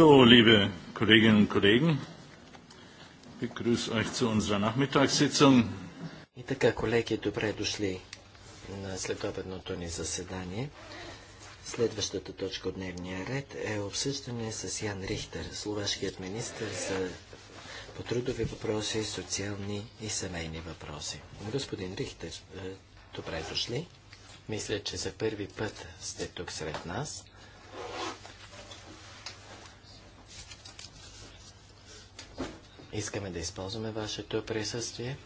So, liebe Kolleginnen und Kollegen, ich begrüße euch zu unserer Nachmittagssitzung. И така, колеги, добре дошли на следобедното ни заседание. Следващата точка от дневния ред е обсъждане с Ян Рихтер, словашкият министр за по трудови въпроси, социални и семейни въпроси. Господин Рихтер, е, добре дошли. Мисля, че за първи път сте тук сред нас. Искаме да използваме вашето присъствие.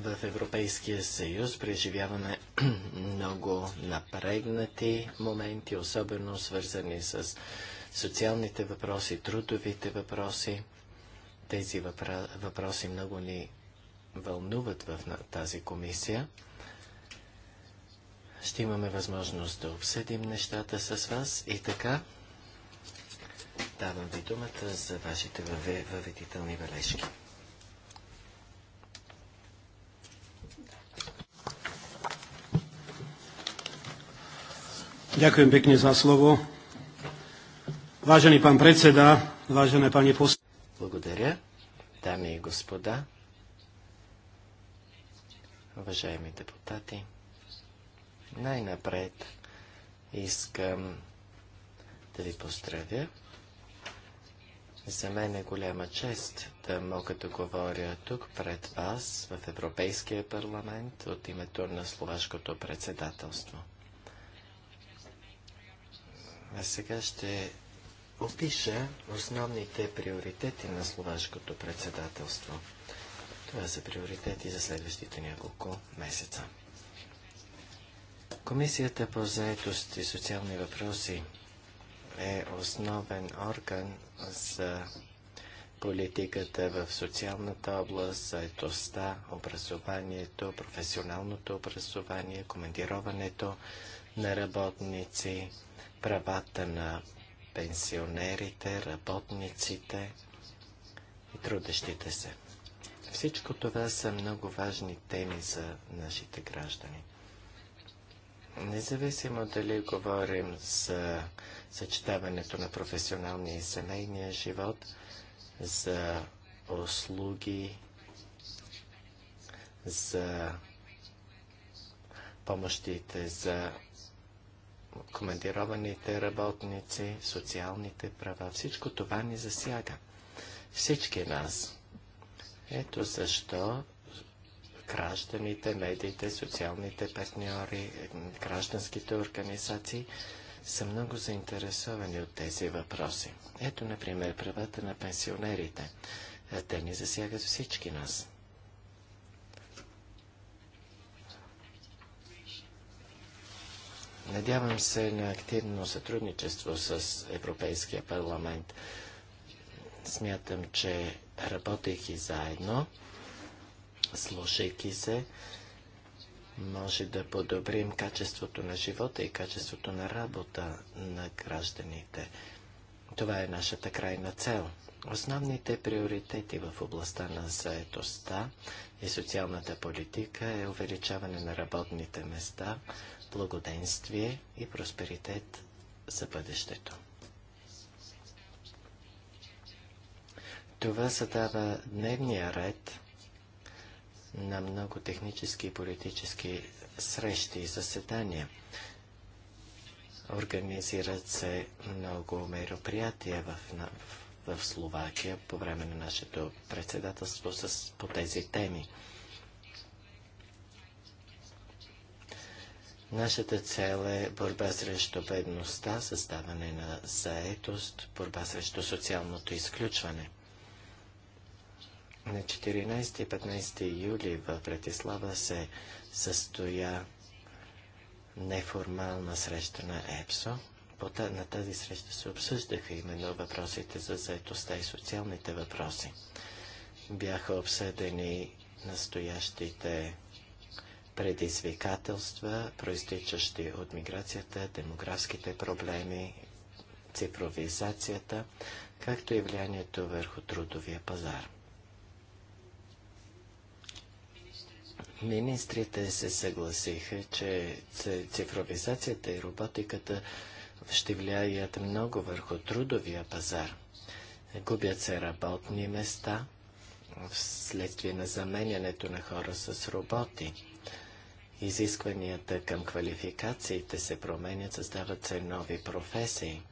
В Европейския съюз преживяваме много напрегнати моменти, особено свързани с социалните въпроси, трудовите въпроси. Тези въпроси много ни вълнуват в тази комисия. Ще имаме възможност да обсъдим нещата с вас и така Давам ви думата за вашите въведителни бележки. Ďakujem pekne za slovo. Vážený pán predseda, vážené pani poslanky. Благодаря, дами и господа, уважаеми депутати. Най-напред искам да ви поздравя за мен е голяма чест да мога да говоря тук пред вас в Европейския парламент от името на словашкото председателство. А сега ще опиша основните приоритети на словашкото председателство. Това са приоритети за следващите няколко месеца. Комисията по заетост и социални въпроси е основен орган за политиката в социалната област, заедостта, образованието, професионалното образование, командироването на работници, правата на пенсионерите, работниците и трудещите се. Всичко това са много важни теми за нашите граждани. Независимо дали говорим за съчетаването на професионалния и семейния живот, за услуги, за помощите за командированите работници, социалните права. Всичко това ни засяга. Всички нас. Ето защо гражданите, медиите, социалните партньори, гражданските организации – са много заинтересовани от тези въпроси. Ето, например, правата на пенсионерите. Те ни засягат всички нас. Надявам се на активно сътрудничество с Европейския парламент. Смятам, че работейки заедно, слушайки се, може да подобрим качеството на живота и качеството на работа на гражданите. Това е нашата крайна цел. Основните приоритети в областта на заетостта и социалната политика е увеличаване на работните места, благоденствие и просперитет за бъдещето. Това задава дневния ред на много технически и политически срещи и заседания. Организират се много мероприятия в, в, в Словакия по време на нашето председателство с, по тези теми. Нашата цел е борба срещу бедността, създаване на заетост, борба срещу социалното изключване – на 14 и 15 юли в Братислава се състоя неформална среща на ЕПСО. На тази среща се обсъждаха именно въпросите за заетостта и социалните въпроси. Бяха обсъдени настоящите предизвикателства, проистичащи от миграцията, демографските проблеми, цифровизацията, както и влиянието върху трудовия пазар. министрите се съгласиха, че цифровизацията и роботиката ще влияят много върху трудовия пазар. Губят се работни места вследствие на заменянето на хора с роботи. Изискванията към квалификациите се променят, създават се нови професии.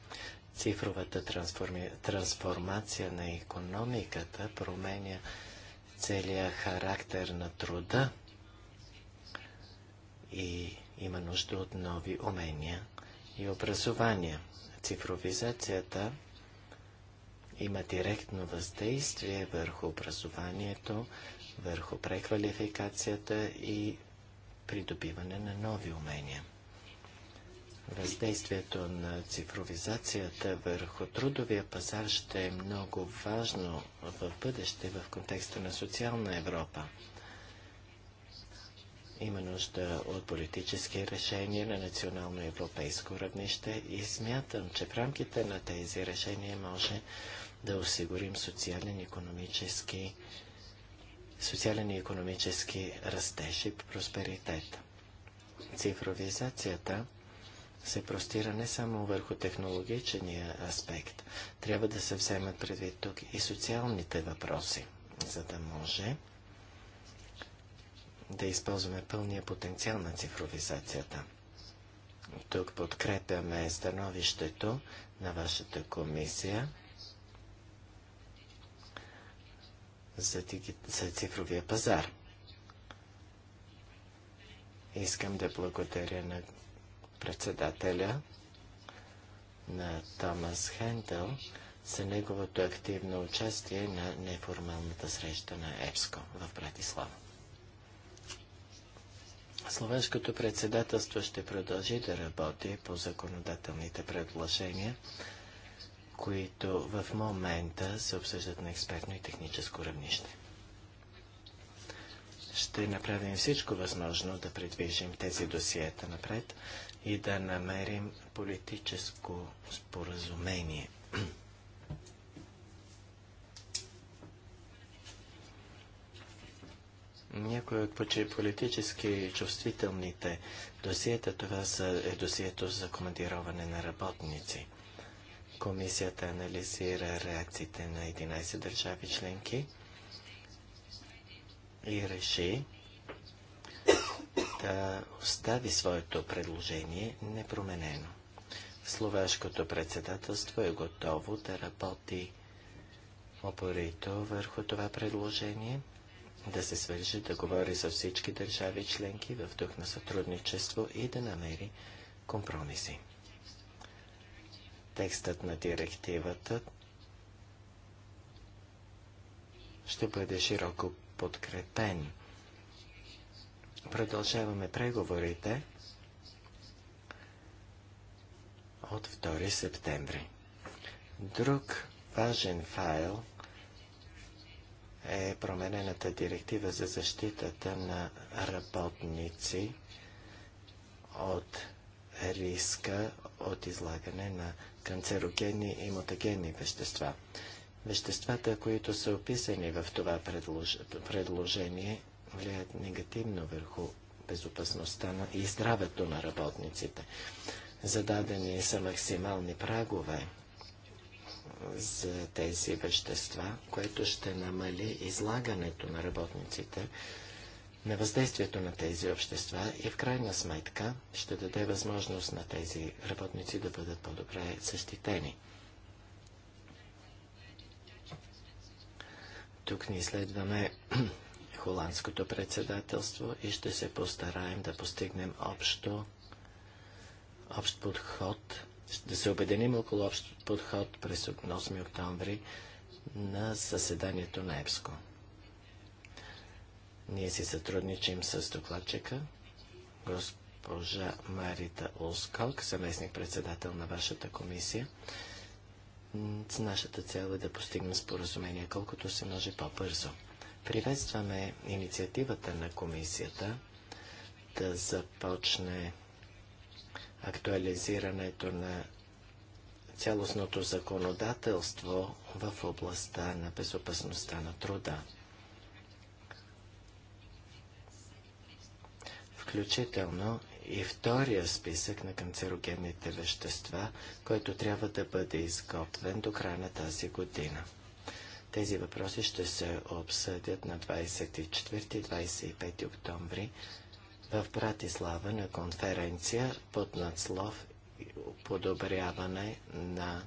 Цифровата трансформи... трансформация на економиката променя целият характер на труда и има нужда от нови умения и образования. Цифровизацията има директно въздействие върху образованието, върху преквалификацията и придобиване на нови умения. Въздействието на цифровизацията върху трудовия пазар ще е много важно в бъдеще в контекста на социална Европа. Има нужда от политически решения на национално и европейско равнище и смятам, че в рамките на тези решения може да осигурим социален и економически социален и економически растеж и просперитет. Цифровизацията се простира не само върху технологичния аспект. Трябва да се вземат предвид тук и социалните въпроси, за да може да използваме пълния потенциал на цифровизацията. Тук подкрепяме становището на вашата комисия за, диги... за цифровия пазар. Искам да благодаря на председателя на Томас Хендъл за неговото активно участие на неформалната среща на ЕПСКО в Братислава. Словенското председателство ще продължи да работи по законодателните предложения, които в момента се обсъждат на експертно и техническо равнище. Ще направим всичко възможно да придвижим тези досиета напред и да намерим политическо споразумение. Някои от политически чувствителните досиета, това са, е досието за командироване на работници. Комисията анализира реакциите на 11 държави членки и реши да остави своето предложение непроменено. Словашкото председателство е готово да работи опорито върху това предложение – да се свържи, да говори за всички държави членки в дух на сътрудничество и да намери компромиси. Текстът на директивата ще бъде широко подкрепен. Продължаваме преговорите от 2 септември. Друг важен файл – е променената директива за защитата на работници от риска от излагане на канцерогенни и мутагенни вещества. Веществата, които са описани в това предлож... предложение, влияят негативно върху безопасността на... и здравето на работниците. Зададени са максимални прагове за тези вещества, което ще намали излагането на работниците на въздействието на тези общества и в крайна сметка ще даде възможност на тези работници да бъдат по-добре защитени. Тук ни следваме холандското председателство и ще се постараем да постигнем общо, общ подход да се обединим около общ подход през 8 октомври на съседанието на ЕПСКО. Ние си сътрудничим с докладчика, госпожа Марита Олскалк, съместник-председател на вашата комисия. Нашата цел е да постигнем споразумение колкото се може по-бързо. Приветстваме инициативата на комисията да започне актуализирането на цялостното законодателство в областта на безопасността на труда. Включително и втория списък на канцерогенните вещества, който трябва да бъде изготвен до края на тази година. Тези въпроси ще се обсъдят на 24-25 октомври в Братислава на конференция под надслов подобряване на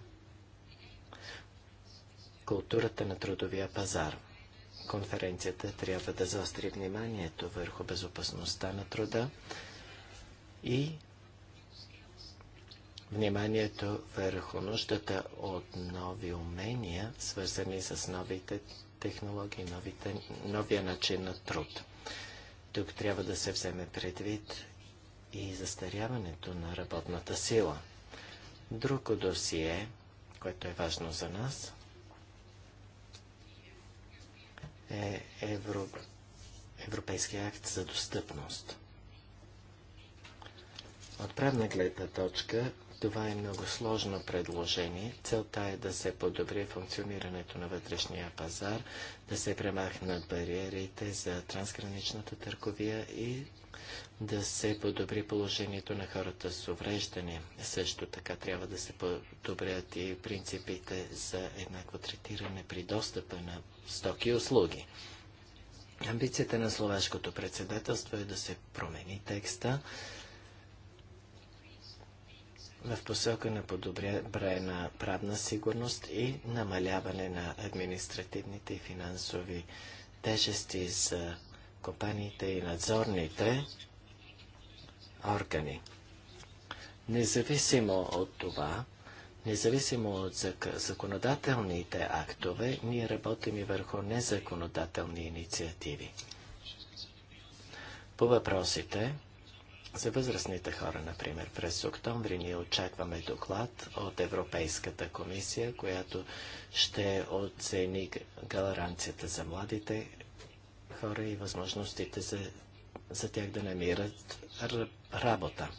културата на трудовия пазар. Конференцията трябва да заостри вниманието върху безопасността на труда и вниманието върху нуждата от нови умения, свързани с новите технологии, новите, новия начин на труд. Тук трябва да се вземе предвид и застаряването на работната сила. Друго досие, което е важно за нас, е Евро... Европейския акт за достъпност. От правна гледна точка това е много сложно предложение. Целта е да се подобри функционирането на вътрешния пазар, да се премахнат бариерите за трансграничната търговия и да се подобри положението на хората с увреждане. Също така трябва да се подобрят и принципите за еднакво третиране при достъпа на стоки и услуги. Амбицията на словашкото председателство е да се промени текста, в посока на подобряване на правна сигурност и намаляване на административните и финансови тежести за компаниите и надзорните органи. Независимо от това, независимо от законодателните актове, ние работим и върху незаконодателни инициативи. По въпросите, за възрастните хора, например, през октомври ние очакваме доклад от Европейската комисия, която ще оцени гаранцията за младите хора и възможностите за, за тях да намират работа.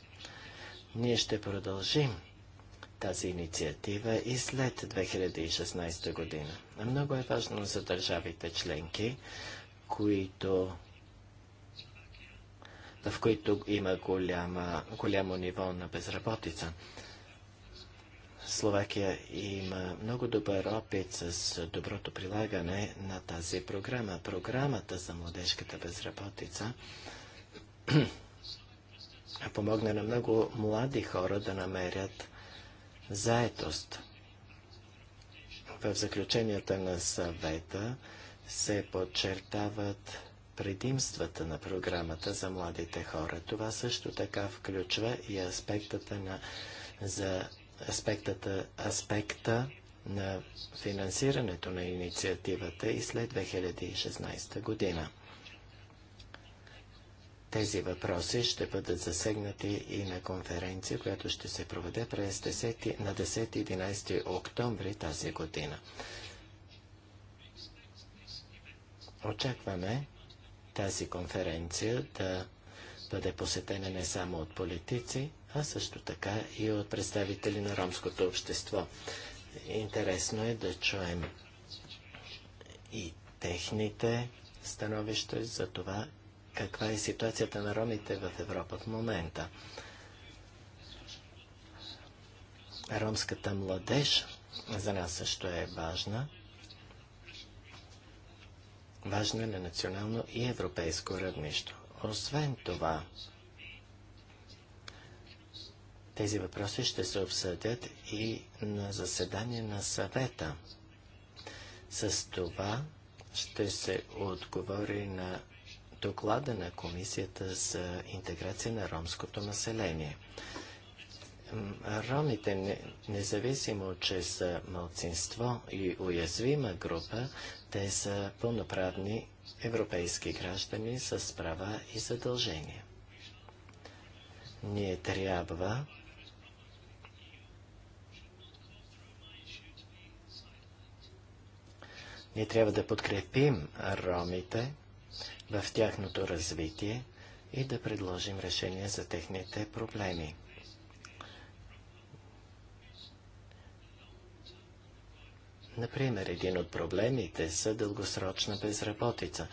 Ние ще продължим тази инициатива и след 2016 година. Много е важно за държавите членки, които в които има голяма, голямо ниво на безработица. Словакия има много добър опит с доброто прилагане на тази програма. Програмата за младежката безработица помогна на много млади хора да намерят заетост. В заключенията на съвета се подчертават предимствата на програмата за младите хора. Това също така включва и аспектата на, за аспектата, аспекта на финансирането на инициативата и след 2016 година. Тези въпроси ще бъдат засегнати и на конференция, която ще се проведе през 10, на 10-11 октомври тази година. Очакваме тази конференция да бъде посетена не само от политици, а също така и от представители на ромското общество. Интересно е да чуем и техните становища за това каква е ситуацията на ромите в Европа в момента. Ромската младеж за нас също е важна важна на национално и европейско равнище. Освен това, тези въпроси ще се обсъдят и на заседание на съвета. С това ще се отговори на доклада на Комисията за интеграция на ромското население. Ромите, независимо, че са мълцинство и уязвима група, те са пълноправни европейски граждани с права и задължения. Ние трябва Ние трябва да подкрепим ромите в тяхното развитие и да предложим решение за техните проблеми. Например, един от проблемите са дългосрочна безработица.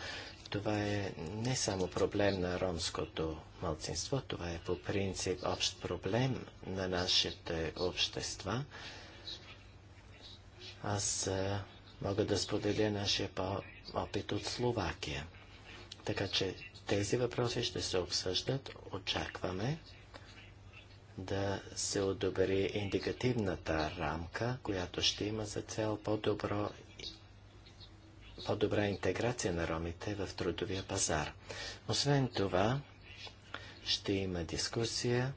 Това е не само проблем на ромското мълцинство, това е по принцип общ проблем на нашите общества. Аз мога да споделя нашия опит от Словакия. Така че тези въпроси ще се обсъждат. Очакваме да се одобри индикативната рамка, която ще има за цел по-добро по-добра интеграция на ромите в трудовия пазар. Освен това, ще има дискусия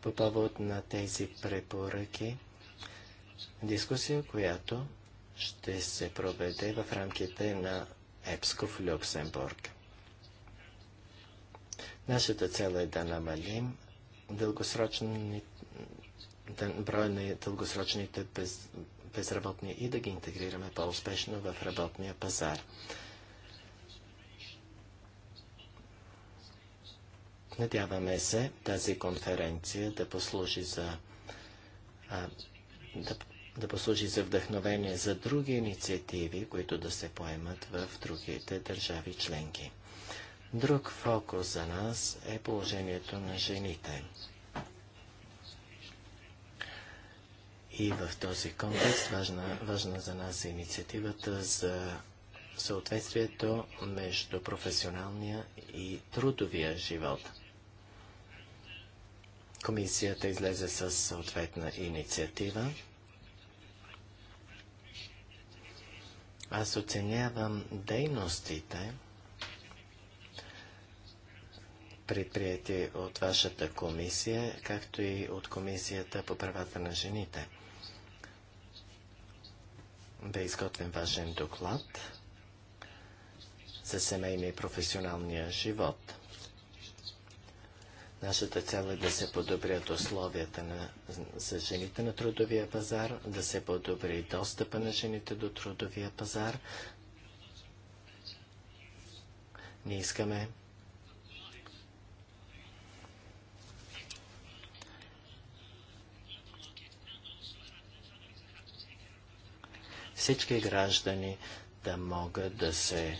по повод на тези препоръки. Дискусия, която ще се проведе в рамките на ЕПСКО в Люксембург. Нашата цел е да намалим дългосрочни, броя на дългосрочните без, безработни и да ги интегрираме по-успешно в работния пазар. Надяваме се тази конференция да послужи за а, да, да послужи за вдъхновение за други инициативи, които да се поемат в другите държави членки. Друг фокус за нас е положението на жените. И в този контекст важна, важна за нас е инициативата за съответствието между професионалния и трудовия живот. Комисията излезе с съответна инициатива. Аз оценявам дейностите, предприяти от вашата комисия, както и от комисията по правата на жените. да изготвим важен доклад за семейния и професионалния живот. Нашата цел е да се подобрят условията на, за жените на трудовия пазар, да се подобри достъпа на жените до трудовия пазар. Ние искаме всички граждани да могат да се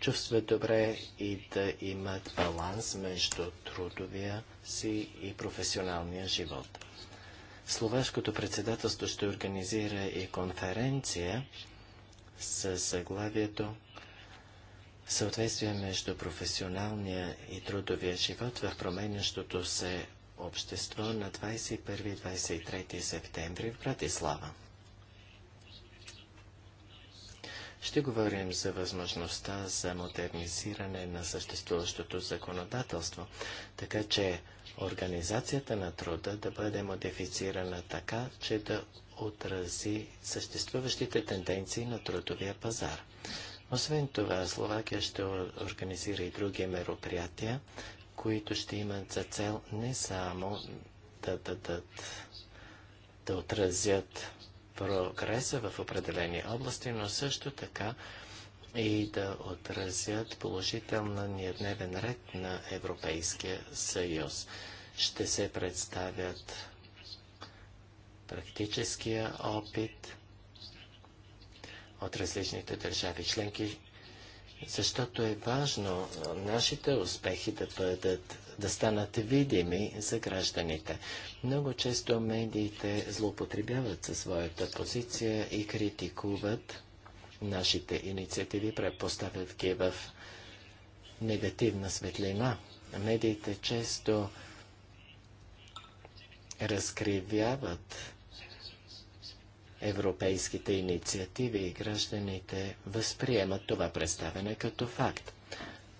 чувстват добре и да имат баланс между трудовия си и професионалния живот. Словашкото председателство ще организира и конференция с заглавието Съответствие между професионалния и трудовия живот в променящото се общество на 21-23 септември в Братислава. Ще говорим за възможността за модернизиране на съществуващото законодателство, така че организацията на труда да бъде модифицирана така, че да отрази съществуващите тенденции на трудовия пазар. Освен това, Словакия ще организира и други мероприятия, които ще имат за цел не само да дадат, да, да отразят прогреса в определени области, но също така и да отразят положителния дневен ред на Европейския съюз. Ще се представят практическия опит от различните държави членки, защото е важно нашите успехи да бъдат да станат видими за гражданите. Много често медиите злоупотребяват със своята позиция и критикуват нашите инициативи, предпоставят ги в негативна светлина. Медиите често разкривяват европейските инициативи и гражданите възприемат това представяне като факт.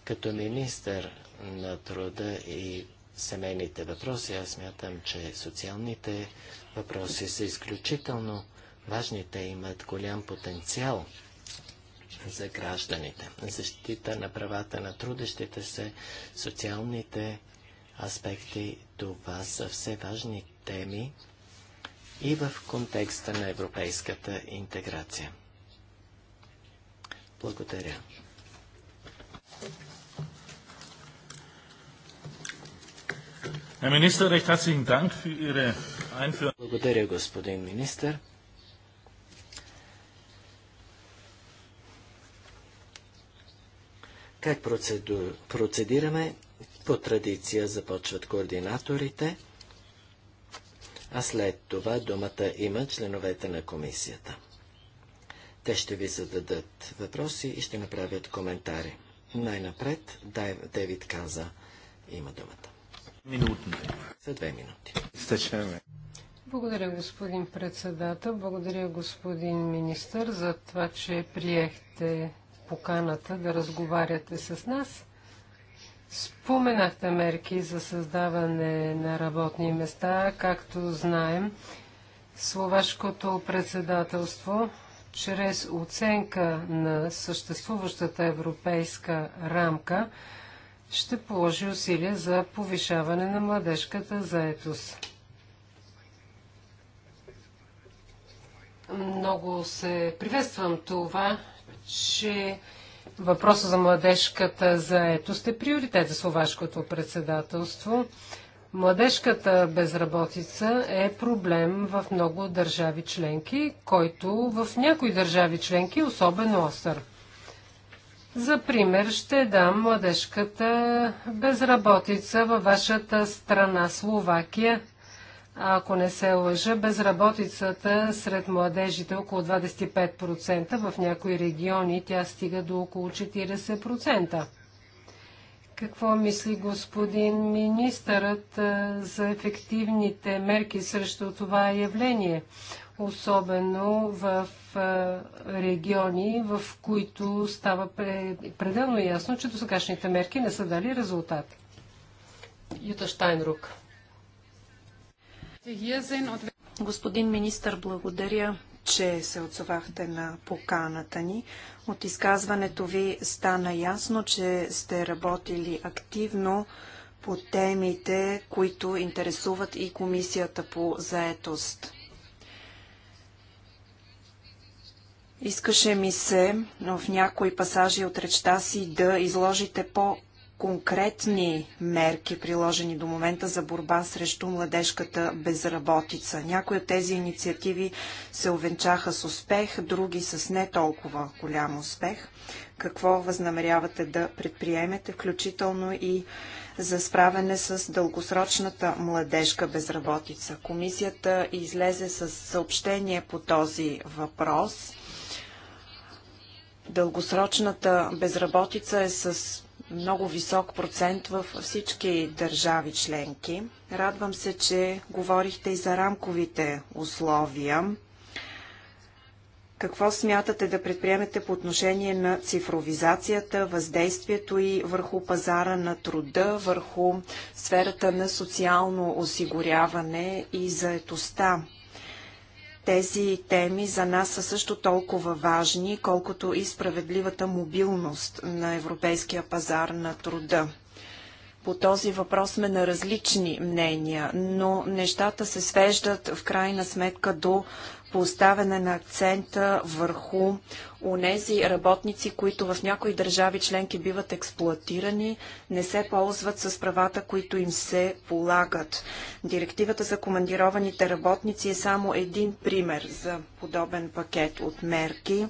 Като министър на труда и семейните въпроси, аз мятам, че социалните въпроси са изключително важни. Те имат голям потенциал за гражданите. Защита на правата на трудещите се, социалните аспекти, това са все важни теми и в контекста на европейската интеграция. Благодаря. Благодаря, господин министр. Как процеду... процедираме? По традиция започват координаторите, а след това думата има членовете на комисията. Те ще ви зададат въпроси и ще направят коментари. Най-напред Дайв... Девид Каза има думата. За две минути. Благодаря, господин председател. Благодаря, господин министър, за това, че приехте поканата да разговаряте с нас. Споменахте мерки за създаване на работни места. Както знаем, Словашкото председателство чрез оценка на съществуващата европейска рамка ще положи усилия за повишаване на младежката заетост. Много се приветствам това, че въпросът за младежката заетост е приоритет за словашкото председателство. Младежката безработица е проблем в много държави членки, който в някои държави членки е особено остър. За пример ще дам младежката безработица във вашата страна Словакия. Ако не се лъжа, безработицата сред младежите е около 25%, в някои региони тя стига до около 40%. Какво мисли господин министърът за ефективните мерки срещу това явление? особено в региони, в които става пределно ясно, че досегашните мерки не са дали резултат. Юта Штайнрук. Господин министр, благодаря, че се отзовахте на поканата ни. От изказването ви стана ясно, че сте работили активно по темите, които интересуват и Комисията по заетост. Искаше ми се в някои пасажи от речта си да изложите по-конкретни мерки, приложени до момента за борба срещу младежката безработица. Някои от тези инициативи се овенчаха с успех, други с не толкова голям успех. Какво възнамерявате да предприемете, включително и за справяне с дългосрочната младежка безработица. Комисията излезе с съобщение по този въпрос. Дългосрочната безработица е с много висок процент във всички държави членки. Радвам се, че говорихте и за рамковите условия. Какво смятате да предприемете по отношение на цифровизацията, въздействието и върху пазара на труда, върху сферата на социално осигуряване и заетостта? Тези теми за нас са също толкова важни, колкото и справедливата мобилност на европейския пазар на труда. По този въпрос сме на различни мнения, но нещата се свеждат в крайна сметка до поставяне на акцента върху онези работници, които в някои държави членки биват експлуатирани, не се ползват с правата, които им се полагат. Директивата за командированите работници е само един пример за подобен пакет от мерки.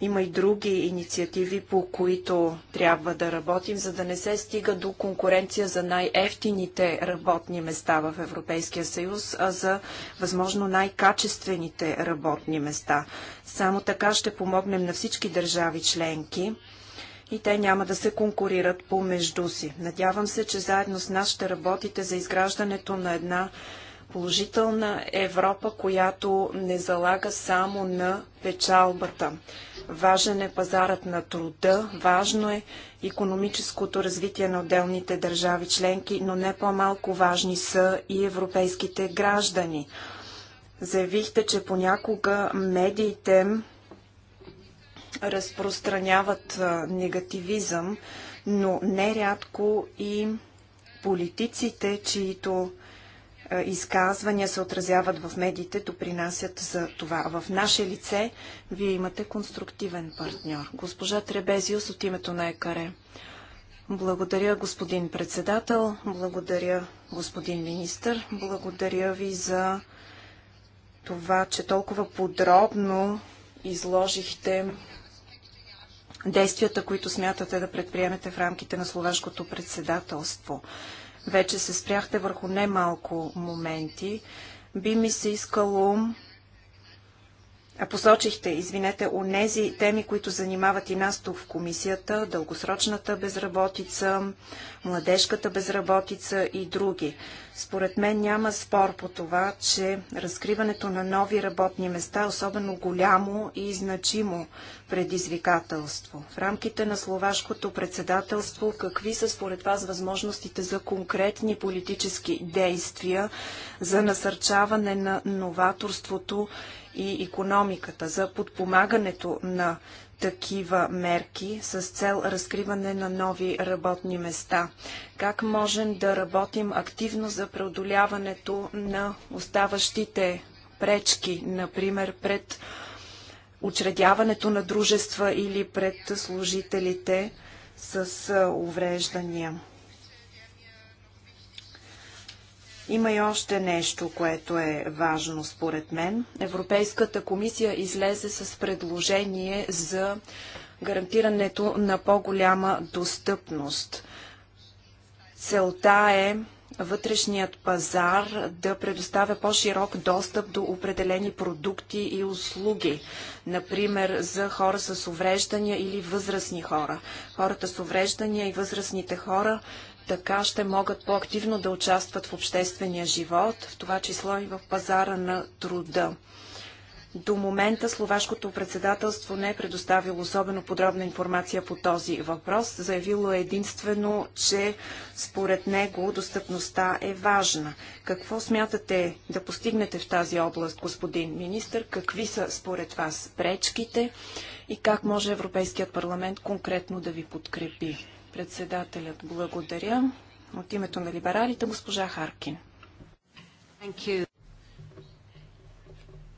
Има и други инициативи, по които трябва да работим, за да не се стига до конкуренция за най-ефтините работни места в Европейския съюз, а за възможно най-качествените работни места. Само така ще помогнем на всички държави членки и те няма да се конкурират помежду си. Надявам се, че заедно с нас ще работите за изграждането на една положителна Европа, която не залага само на печалбата. Важен е пазарът на труда, важно е економическото развитие на отделните държави членки, но не по-малко важни са и европейските граждани. Заявихте, че понякога медиите разпространяват негативизъм, но нерядко и политиците, чието е, изказвания се отразяват в медиите, допринасят за това. В наше лице вие имате конструктивен партньор. Госпожа Требезиус от името на ЕКАРЕ. Благодаря, господин председател. Благодаря, господин министр. Благодаря ви за това, че толкова подробно изложихте действията, които смятате да предприемете в рамките на словашкото председателство. Вече се спряхте върху немалко моменти. Би ми се искало посочихте, извинете, нези теми, които занимават и нас тук в комисията, дългосрочната безработица, младежката безработица и други. Според мен няма спор по това, че разкриването на нови работни места е особено голямо и значимо предизвикателство. В рамките на словашкото председателство, какви са според вас възможностите за конкретни политически действия за насърчаване на новаторството и економиката, за подпомагането на такива мерки с цел разкриване на нови работни места? Как можем да работим активно за преодоляването на оставащите пречки, например пред учредяването на дружества или пред служителите с увреждания? Има и още нещо, което е важно според мен. Европейската комисия излезе с предложение за гарантирането на по-голяма достъпност. Целта е вътрешният пазар да предоставя по-широк достъп до определени продукти и услуги, например за хора с увреждания или възрастни хора. Хората с увреждания и възрастните хора така ще могат по-активно да участват в обществения живот, в това число и в пазара на труда. До момента словашкото председателство не е предоставило особено подробна информация по този въпрос. Заявило е единствено, че според него достъпността е важна. Какво смятате да постигнете в тази област, господин министр? Какви са според вас пречките и как може Европейският парламент конкретно да ви подкрепи? Председателят благодаря. От името на либералите госпожа Харкин.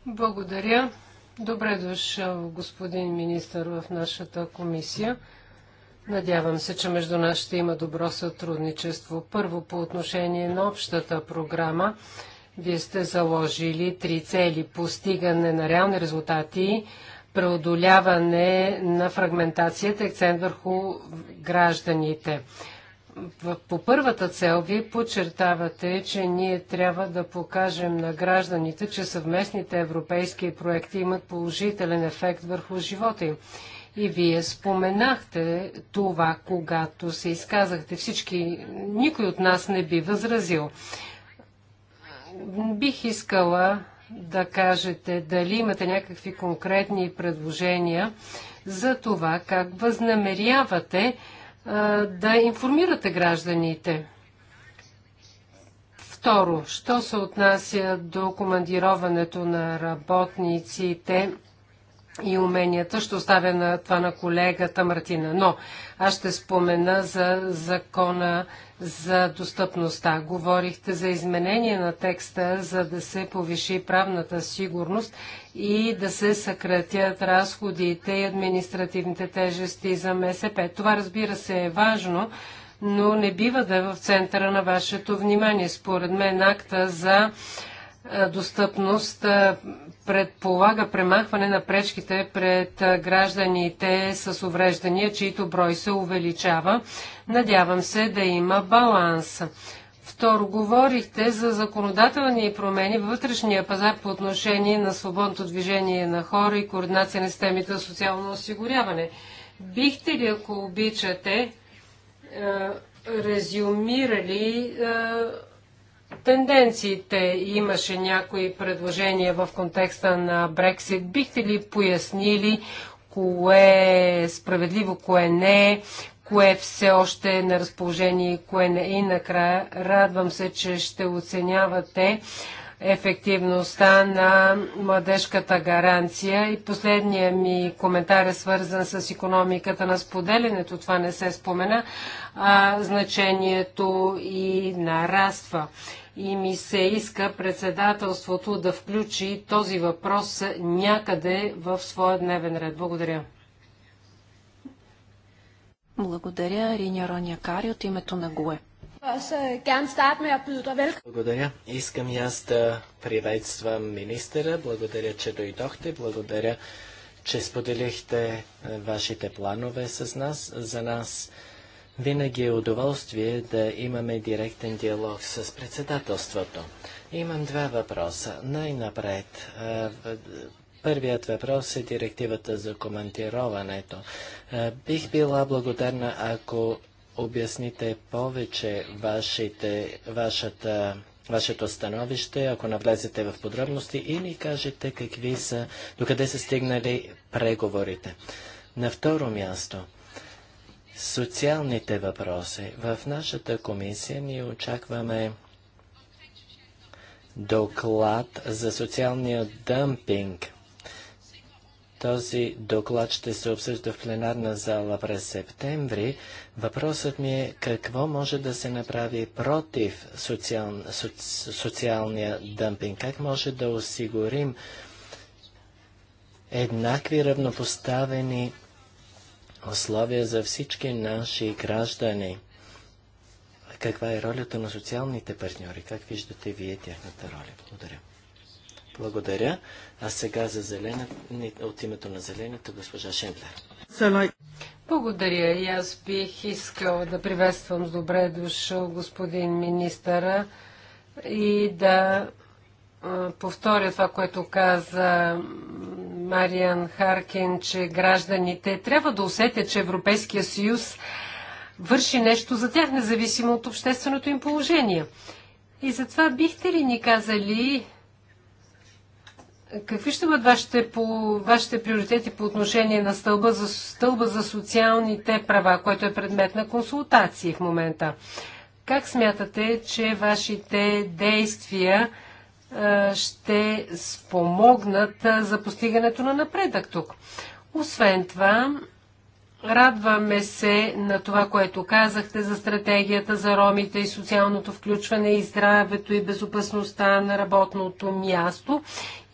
Благодаря. Добре дошъл, господин министър, в нашата комисия. Надявам се, че между нас ще има добро сътрудничество. Първо по отношение на общата програма. Вие сте заложили три цели. Постигане на реални резултати, преодоляване на фрагментацията, акцент върху гражданите. По първата цел ви подчертавате, че ние трябва да покажем на гражданите, че съвместните европейски проекти имат положителен ефект върху живота им. И вие споменахте това, когато се изказахте. Всички, никой от нас не би възразил. Бих искала да кажете дали имате някакви конкретни предложения за това как възнамерявате а, да информирате гражданите. Второ, що се отнася до командироването на работниците и уменията, ще оставя на това на колегата Мартина. Но аз ще спомена за закона за достъпността. Говорихте за изменение на текста, за да се повиши правната сигурност и да се съкратят разходите и административните тежести за МСП. Това разбира се е важно, но не бива да е в центъра на вашето внимание. Според мен акта за е, достъпност е, предполага премахване на пречките пред е, гражданите с увреждания, чието брой се увеличава Надявам се да има баланс. Второ, говорихте за законодателни промени в вътрешния пазар по отношение на свободното движение на хора и координация на системите за социално осигуряване. Бихте ли, ако обичате, е, резюмирали е, тенденциите? Имаше някои предложения в контекста на Брексит. Бихте ли пояснили кое е справедливо, кое не, кое все още е на разположение и кое не. И накрая радвам се, че ще оценявате ефективността на младежката гаранция. И последния ми коментар е свързан с економиката на споделянето. Това не се спомена. А, значението и нараства. И ми се иска председателството да включи този въпрос някъде в своя дневен ред. Благодаря. Благодаря, Риня Рония Кари от името на ГУЕ. Е, Благодаря. Искам и аз да приветствам министъра. Благодаря, че дойдохте. Благодаря, че споделихте е, вашите планове с нас. За нас винаги е удоволствие да имаме директен диалог с председателството. Имам два въпроса. Най-напред, е, Първият въпрос е директивата за коментироването. Е, бих била благодарна, ако обясните повече вашите, вашата, вашето становище, ако навлезете в подробности и ни кажете какви са, докъде са стигнали преговорите. На второ място, социалните въпроси. В нашата комисия ни очакваме доклад за социалния дъмпинг. Този доклад ще се обсъжда в пленарна зала през септември. Въпросът ми е какво може да се направи против социал... соци... социалния дъмпинг? Как може да осигурим еднакви равнопоставени условия за всички наши граждани? Каква е ролята на социалните партньори? Как виждате вие тяхната роля? Благодаря. Благодаря. А сега за зелена, от името на зелената, госпожа Шендлер. Благодаря и аз бих искал да приветствам с добре дошъл господин министъра и да повторя това, което каза Мариан Харкин, че гражданите трябва да усетят, че Европейския съюз върши нещо за тях, независимо от общественото им положение. И затова бихте ли ни казали Какви ще бъдат вашите, по, вашите приоритети по отношение на стълба за, стълба за социалните права, който е предмет на консултации в момента? Как смятате, че вашите действия а, ще спомогнат а, за постигането на напредък тук? Освен това, Радваме се на това, което казахте за стратегията за ромите и социалното включване и здравето и безопасността на работното място.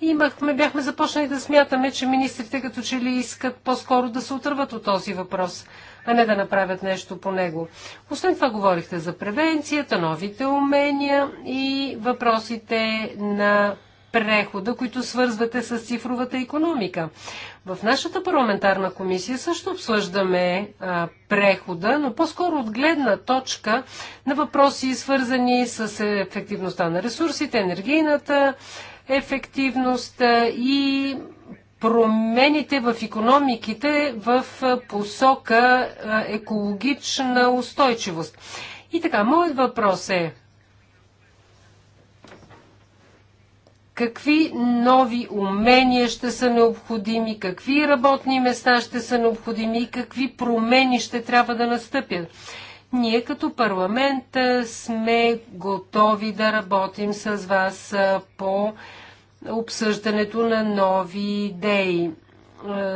Имахме, бяхме започнали да смятаме, че министрите като че ли искат по-скоро да се отърват от този въпрос, а не да направят нещо по него. Освен това говорихте за превенцията, новите умения и въпросите на прехода, които свързвате с цифровата економика. В нашата парламентарна комисия също обсъждаме а, прехода, но по-скоро от гледна точка на въпроси, свързани с ефективността на ресурсите, енергийната ефективност и промените в економиките в посока екологична устойчивост. И така, моят въпрос е, какви нови умения ще са необходими, какви работни места ще са необходими и какви промени ще трябва да настъпят. Ние като парламент сме готови да работим с вас по обсъждането на нови идеи.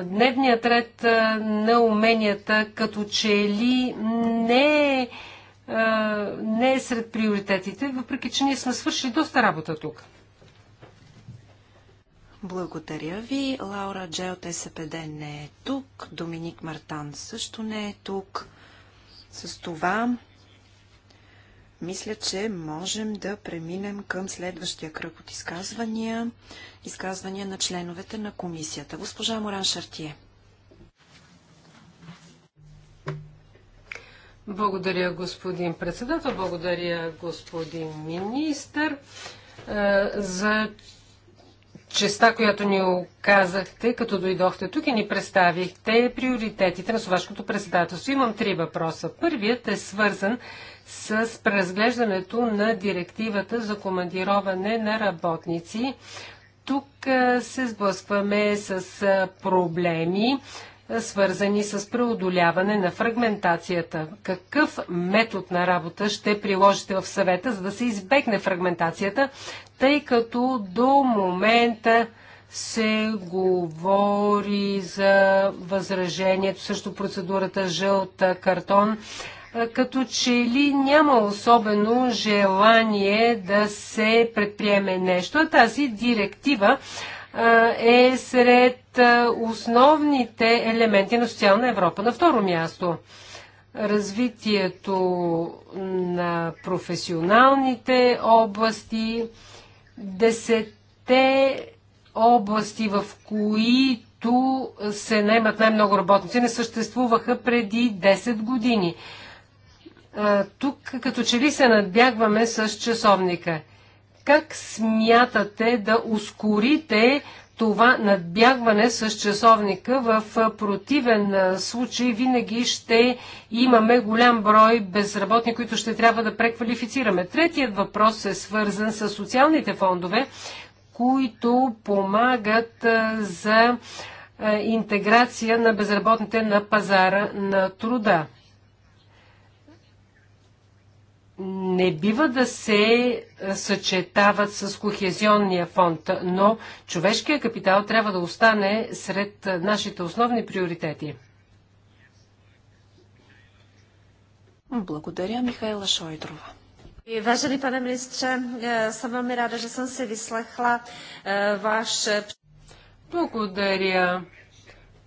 Дневният ред на уменията като че ли не е, не е сред приоритетите, въпреки че ние сме свършили доста работа тук. Благодаря ви. Лаура Джел ТСПД не е тук. Доминик Мартан също не е тук. С това мисля, че можем да преминем към следващия кръг от изказвания. Изказвания на членовете на комисията. Госпожа Моран Шартие. Благодаря, господин председател. Благодаря, господин министр, е, за честа, която ни оказахте, като дойдохте тук и ни представихте приоритетите на словашкото председателство. Имам три въпроса. Първият е свързан с преразглеждането на директивата за командироване на работници. Тук се сблъскваме с проблеми свързани с преодоляване на фрагментацията. Какъв метод на работа ще приложите в съвета, за да се избегне фрагментацията, тъй като до момента се говори за възражението, също процедурата жълта, картон, като че ли няма особено желание да се предприеме нещо. тази директива е сред основните елементи на социална Европа. На второ място, развитието на професионалните области, десетте области, в които се наймат най-много работници, не съществуваха преди 10 години. Тук като че ли се надбягваме с часовника. Как смятате да ускорите това надбягване с часовника? В противен случай винаги ще имаме голям брой безработни, които ще трябва да преквалифицираме. Третият въпрос е свързан с социалните фондове, които помагат за интеграция на безработните на пазара на труда не бива да се е, съчетават с кохезионния фонд, но човешкия капитал трябва да остане сред е, нашите основни приоритети. Благодаря, Михайла Шойдрова. Vážený пане ministře, е, съм ми рада, че съм се vyslechla váš... Благодаря,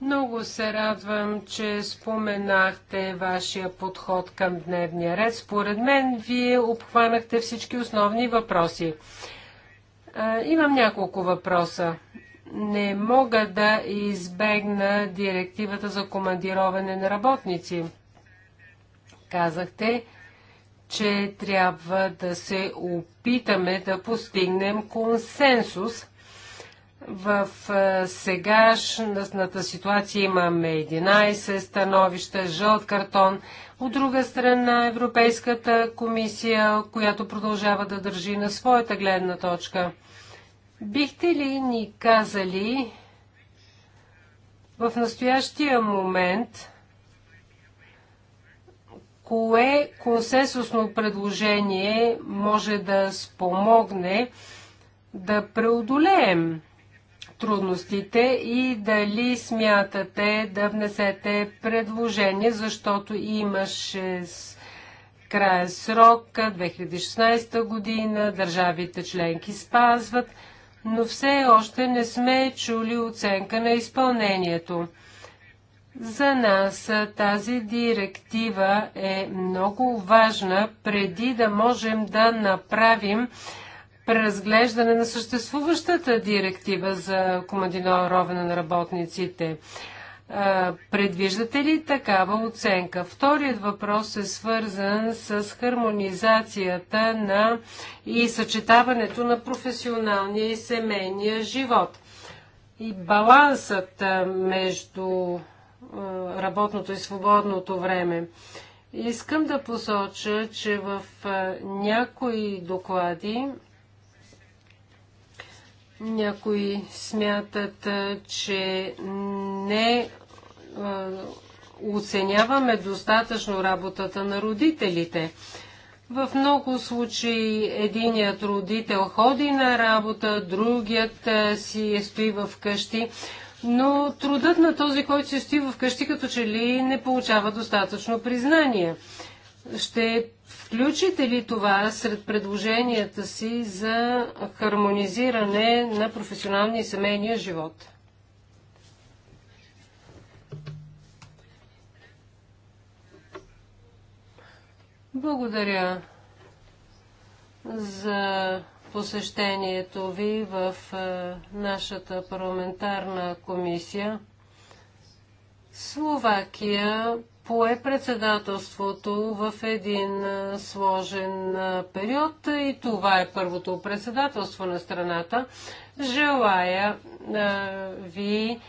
много се радвам, че споменахте вашия подход към дневния ред. Според мен, вие обхванахте всички основни въпроси. А, имам няколко въпроса. Не мога да избегна директивата за командироване на работници. Казахте, че трябва да се опитаме да постигнем консенсус – в сегашната ситуация имаме 11 становища, жълт картон. От друга страна Европейската комисия, която продължава да държи на своята гледна точка. Бихте ли ни казали в настоящия момент кое консенсусно предложение може да спомогне да преодолеем трудностите и дали смятате да внесете предложение, защото имаше края срок 2016 година, държавите членки спазват, но все още не сме чули оценка на изпълнението. За нас тази директива е много важна преди да можем да направим преразглеждане на съществуващата директива за командироване на работниците. Предвиждате ли такава оценка? Вторият въпрос е свързан с хармонизацията на и съчетаването на професионалния и семейния живот. И балансът между работното и свободното време. Искам да посоча, че в някои доклади някои смятат, че не оценяваме достатъчно работата на родителите. В много случаи единият родител ходи на работа, другият си е стои в къщи, но трудът на този, който си стои в къщи, като че ли не получава достатъчно признание. Ще Включите ли това сред предложенията си за хармонизиране на професионалния и семейния живот? Благодаря за посещението ви в е, нашата парламентарна комисия. Словакия пое председателството в един сложен период и това е първото председателство на страната. Желая ви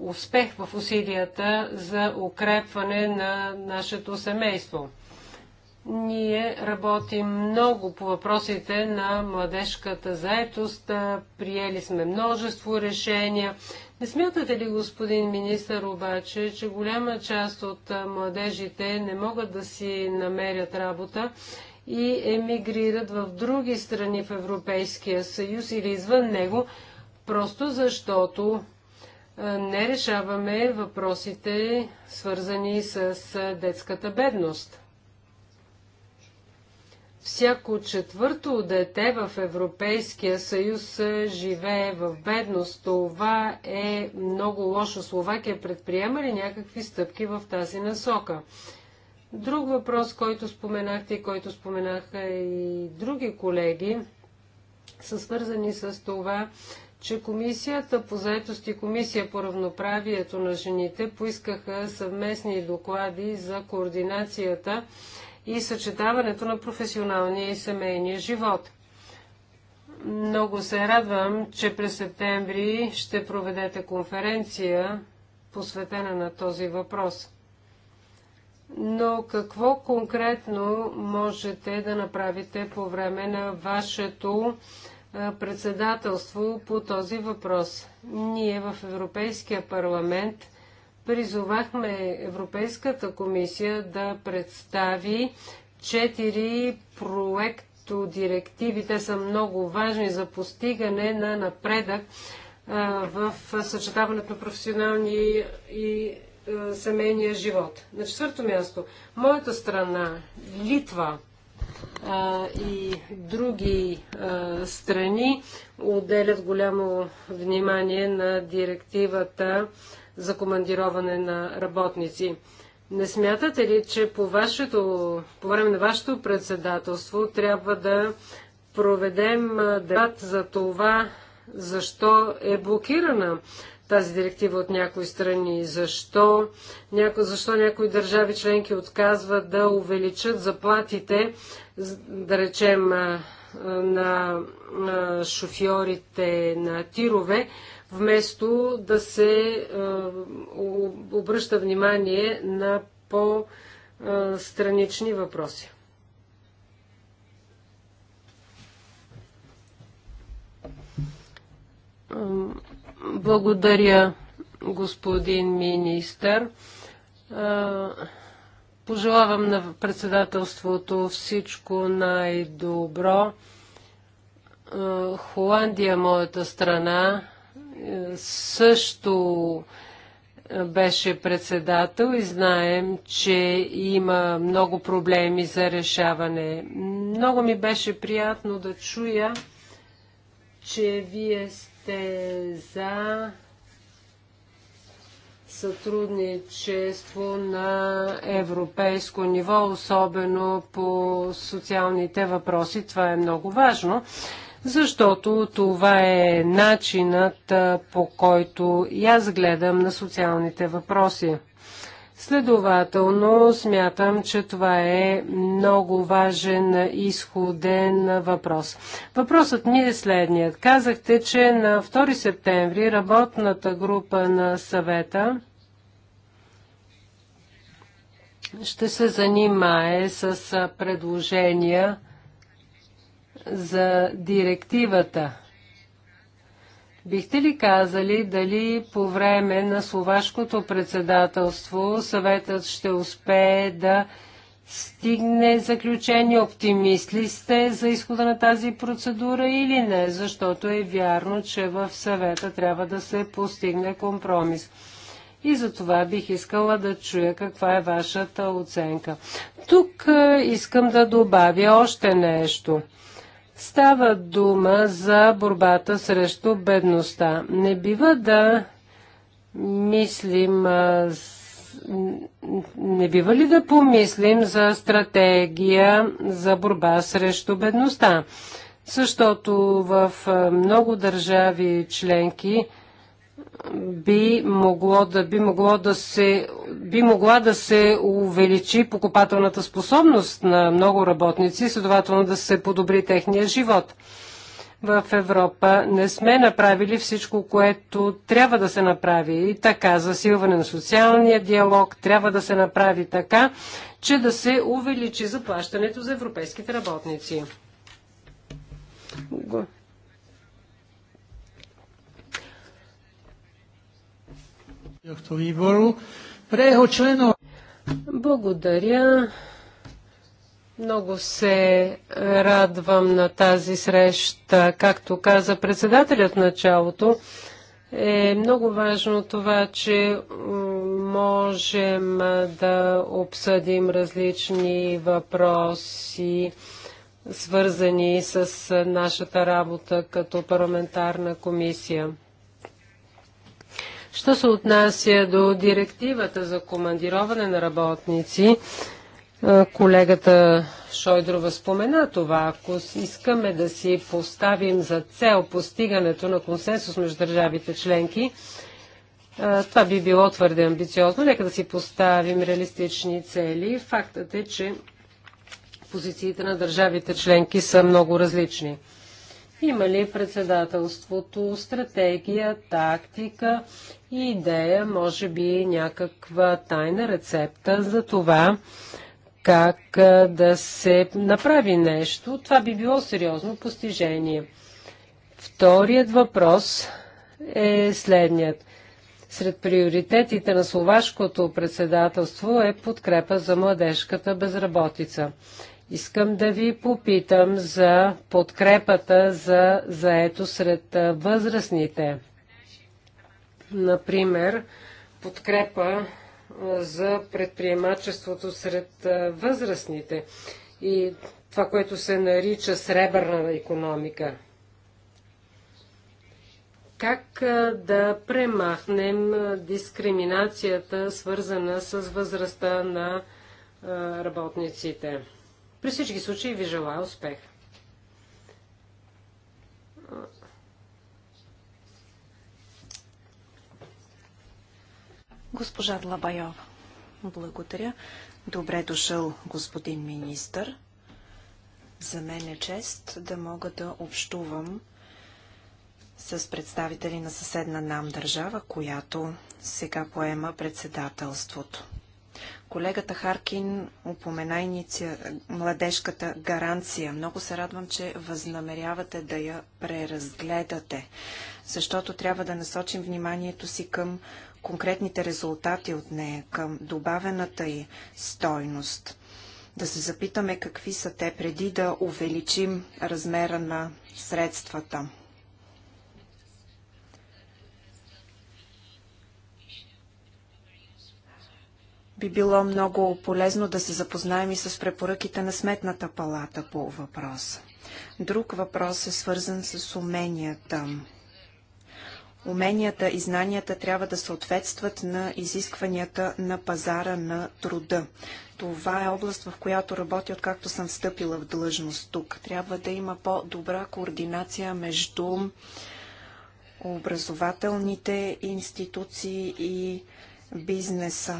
успех в усилията за укрепване на нашето семейство. Ние работим много по въпросите на младежката заетост. Приели сме множество решения. Не смятате ли, господин министър, обаче, че голяма част от младежите не могат да си намерят работа и емигрират в други страни в Европейския съюз или извън него, просто защото не решаваме въпросите, свързани с детската бедност? Всяко четвърто дете в Европейския съюз е, живее в бедност. Това е много лошо. Словакия предприема ли някакви стъпки в тази насока? Друг въпрос, който споменахте и който споменаха и други колеги, са свързани с това, че Комисията по заедост и Комисия по равноправието на жените поискаха съвместни доклади за координацията и съчетаването на професионалния и семейния живот. Много се радвам, че през септември ще проведете конференция, посветена на този въпрос. Но какво конкретно можете да направите по време на вашето председателство по този въпрос? Ние в Европейския парламент – Призовахме Европейската комисия да представи четири проекто директиви. Те са много важни за постигане на напредък в съчетаването на професионални и семейния живот. На четвърто място, моята страна, Литва а, и други а, страни отделят голямо внимание на директивата за командироване на работници. Не смятате ли, че по, вашето, по време на вашето председателство трябва да проведем дебат за това, защо е блокирана тази директива от някои страни, защо, няко, защо някои държави членки отказват да увеличат заплатите, да речем, на, на шофьорите на тирове, вместо да се обръща внимание на по-странични въпроси. Благодаря, господин министър. Пожелавам на председателството всичко най-добро. Холандия, моята страна, също беше председател и знаем, че има много проблеми за решаване. Много ми беше приятно да чуя, че вие сте за сътрудничество на европейско ниво, особено по социалните въпроси. Това е много важно защото това е начинът по който и аз гледам на социалните въпроси. Следователно смятам, че това е много важен изходен въпрос. Въпросът ми е следният. Казахте, че на 2 септември работната група на съвета ще се занимае с предложения за директивата. Бихте ли казали дали по време на словашкото председателство съветът ще успее да стигне заключение? Оптимист ли сте за изхода на тази процедура или не? Защото е вярно, че в съвета трябва да се постигне компромис. И за това бих искала да чуя каква е вашата оценка. Тук е, искам да добавя още нещо – Става дума за борбата срещу бедността. Не бива да мислим, не бива ли да помислим за стратегия за борба срещу бедността? Защото в много държави членки би могло да, би могло да се, би могла да се увеличи покупателната способност на много работници, следователно да се подобри техния живот. В Европа не сме направили всичко, което трябва да се направи. И така, засилване на социалния диалог трябва да се направи така, че да се увеличи заплащането за европейските работници. Благодаря. Много се радвам на тази среща. Както каза председателят в началото, е много важно това, че можем да обсъдим различни въпроси, свързани с нашата работа като парламентарна комисия. Що се отнася до директивата за командироване на работници, е, колегата Шойдрова спомена това. Ако искаме да си поставим за цел постигането на консенсус между държавите членки, е, това би било твърде амбициозно. Нека да си поставим реалистични цели. Фактът е, че позициите на държавите членки са много различни. Има ли председателството стратегия, тактика и идея, може би някаква тайна рецепта за това, как да се направи нещо? Това би било сериозно постижение. Вторият въпрос е следният. Сред приоритетите на словашкото председателство е подкрепа за младежката безработица. Искам да ви попитам за подкрепата за заето сред възрастните. Например, подкрепа за предприемачеството сред възрастните и това, което се нарича сребърна економика. Как да премахнем дискриминацията, свързана с възрастта на работниците? При всички случаи ви желая успех. Госпожа Длабайова. Благодаря. Добре дошъл, господин министър. За мен е чест да мога да общувам с представители на съседна нам държава, която сега поема председателството. Колегата Харкин упомена иниция... младежката гаранция. Много се радвам, че възнамерявате да я преразгледате, защото трябва да насочим вниманието си към конкретните резултати от нея, към добавената й стойност. Да се запитаме какви са те преди да увеличим размера на средствата. Би било много полезно да се запознаем и с препоръките на Сметната палата по въпроса. Друг въпрос е свързан с уменията. Уменията и знанията трябва да съответстват на изискванията на пазара на труда. Това е област, в която работя, откакто съм встъпила в длъжност тук. Трябва да има по-добра координация между образователните институции и бизнеса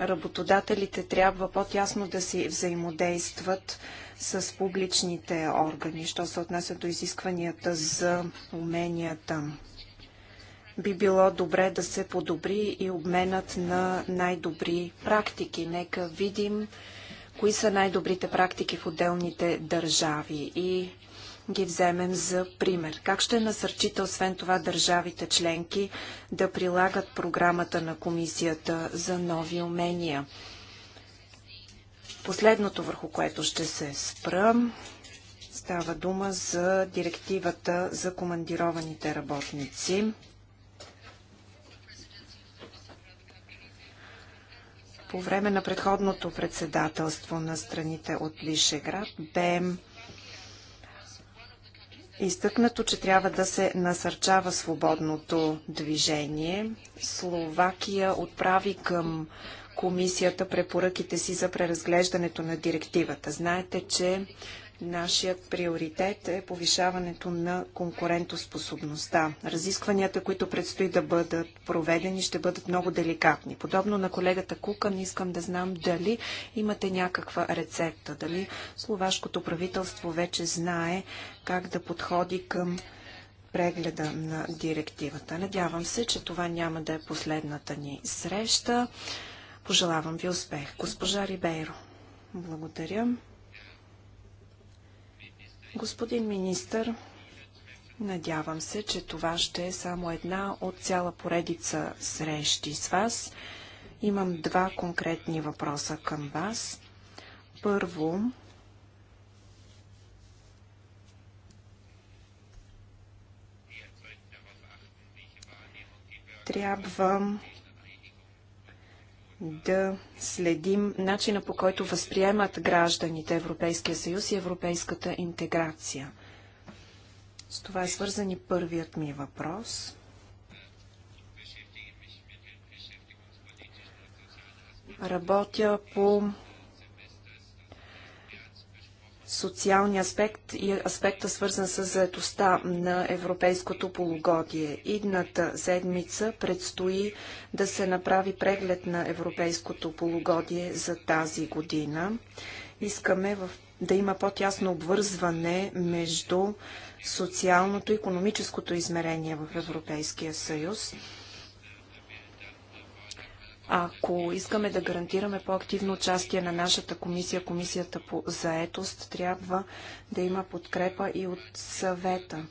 работодателите трябва по-тясно да си взаимодействат с публичните органи, що се отнася до изискванията за уменията. Би било добре да се подобри и обменът на най-добри практики. Нека видим кои са най-добрите практики в отделните държави и ги вземем за пример? Как ще насърчите, освен това, държавите членки да прилагат програмата на Комисията за нови умения? Последното, върху което ще се спра, става дума за директивата за командированите работници. По време на предходното председателство на страните от Лишеград бе Изтъкнато, че трябва да се насърчава свободното движение. Словакия отправи към комисията препоръките си за преразглеждането на директивата. Знаете, че нашият приоритет е повишаването на конкурентоспособността. Разискванията, които предстои да бъдат проведени, ще бъдат много деликатни. Подобно на колегата Кукан, искам да знам дали имате някаква рецепта, дали словашкото правителство вече знае как да подходи към прегледа на директивата. Надявам се, че това няма да е последната ни среща. Пожелавам ви успех. Госпожа Рибейро, благодаря. Господин министър, надявам се, че това ще е само една от цяла поредица срещи с вас. Имам два конкретни въпроса към вас. Първо, трябва да следим начина по който възприемат гражданите Европейския съюз и европейската интеграция. С това е свързан и първият ми въпрос. Работя по социалния аспект и аспекта свързан с заедостта на европейското полугодие. Идната седмица предстои да се направи преглед на европейското полугодие за тази година. Искаме в, да има по-тясно обвързване между социалното и економическото измерение в Европейския съюз. Ако искаме да гарантираме по-активно участие на нашата комисия, комисията по заетост, трябва да има подкрепа и от съвета.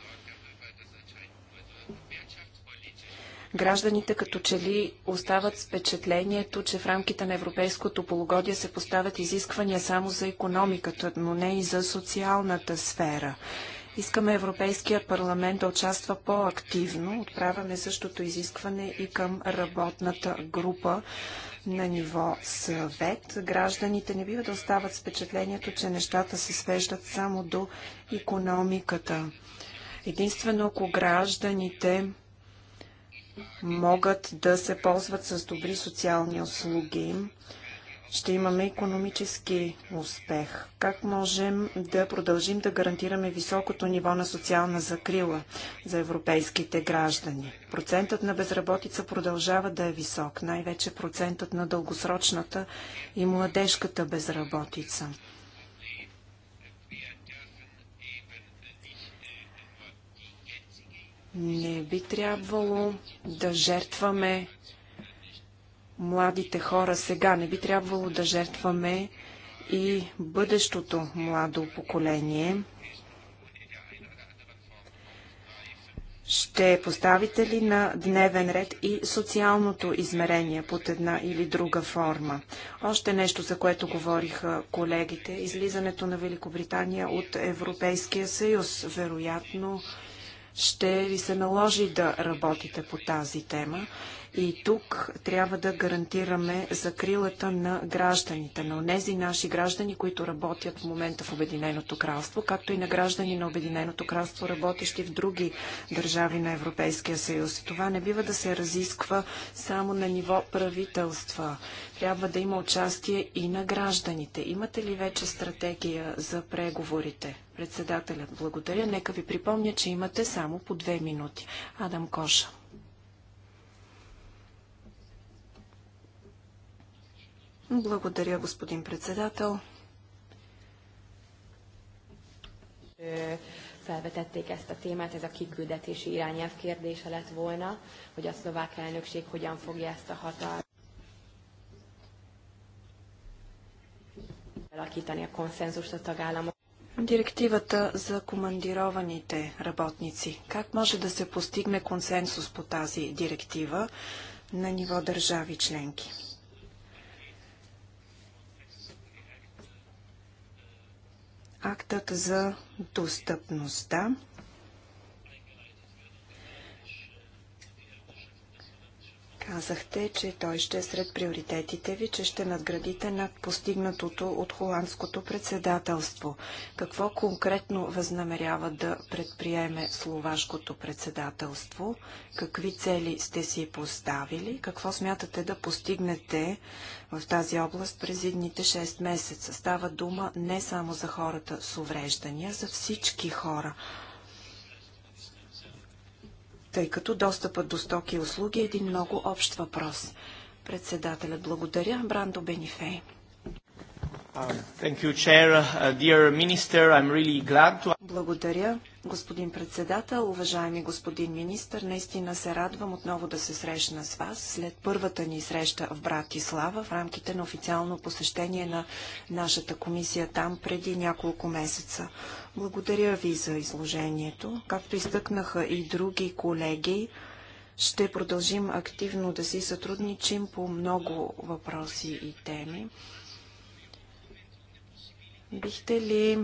Гражданите като че ли остават с впечатлението, че в рамките на европейското полугодие се поставят изисквания само за економиката, но не и за социалната сфера. Искаме Европейския парламент да участва по-активно. Отправяме същото изискване и към работната група на ниво съвет. Гражданите не бива да остават с впечатлението, че нещата се свеждат само до економиката. Единствено, ако гражданите могат да се ползват с добри социални услуги, ще имаме економически успех? Как можем да продължим да гарантираме високото ниво на социална закрила за европейските граждани? Процентът на безработица продължава да е висок, най-вече процентът на дългосрочната и младежката безработица. Не би трябвало да жертваме младите хора сега. Не би трябвало да жертваме и бъдещото младо поколение. Ще поставите ли на дневен ред и социалното измерение под една или друга форма? Още нещо, за което говориха колегите. Излизането на Великобритания от Европейския съюз. Вероятно ще ви се наложи да работите по тази тема. И тук трябва да гарантираме закрилата на гражданите, на тези наши граждани, които работят в момента в Обединеното кралство, както и на граждани на Обединеното кралство, работещи в други държави на Европейския съюз. Това не бива да се разисква само на ниво правителства. Трябва да има участие и на гражданите. Имате ли вече стратегия за преговорите? Председателят, благодаря. Нека ви припомня, че имате само по две минути. Адам Коша. Благодаря, господин председател. felvetették ezt a témát, ez a kiküldetési irányelv kérdése lett volna, hogy a szlovák elnökség hogyan fogja ezt a hatalmat alakítani a konszenzust a tagállamok. Директивата за командированите работници. Как може да се постигне консенсус по тази директива на ниво държави членки? Актът за достъпността Казахте, че той ще е сред приоритетите ви, че ще надградите над постигнатото от холандското председателство. Какво конкретно възнамерява да предприеме словашкото председателство? Какви цели сте си поставили? Какво смятате да постигнете в тази област през едните 6 месеца? Става дума не само за хората с увреждания, за всички хора тъй като достъпът до стоки и услуги е един много общ въпрос. Председателят благодаря. Брандо Бенифей. Um, uh, благодаря, господин председател, уважаеми господин министр. Наистина се радвам отново да се срещна с вас след първата ни среща в Братислава в рамките на официално посещение на нашата комисия там преди няколко месеца. Благодаря ви за изложението. Както изтъкнаха и други колеги, ще продължим активно да си сътрудничим по много въпроси и теми. Бихте ли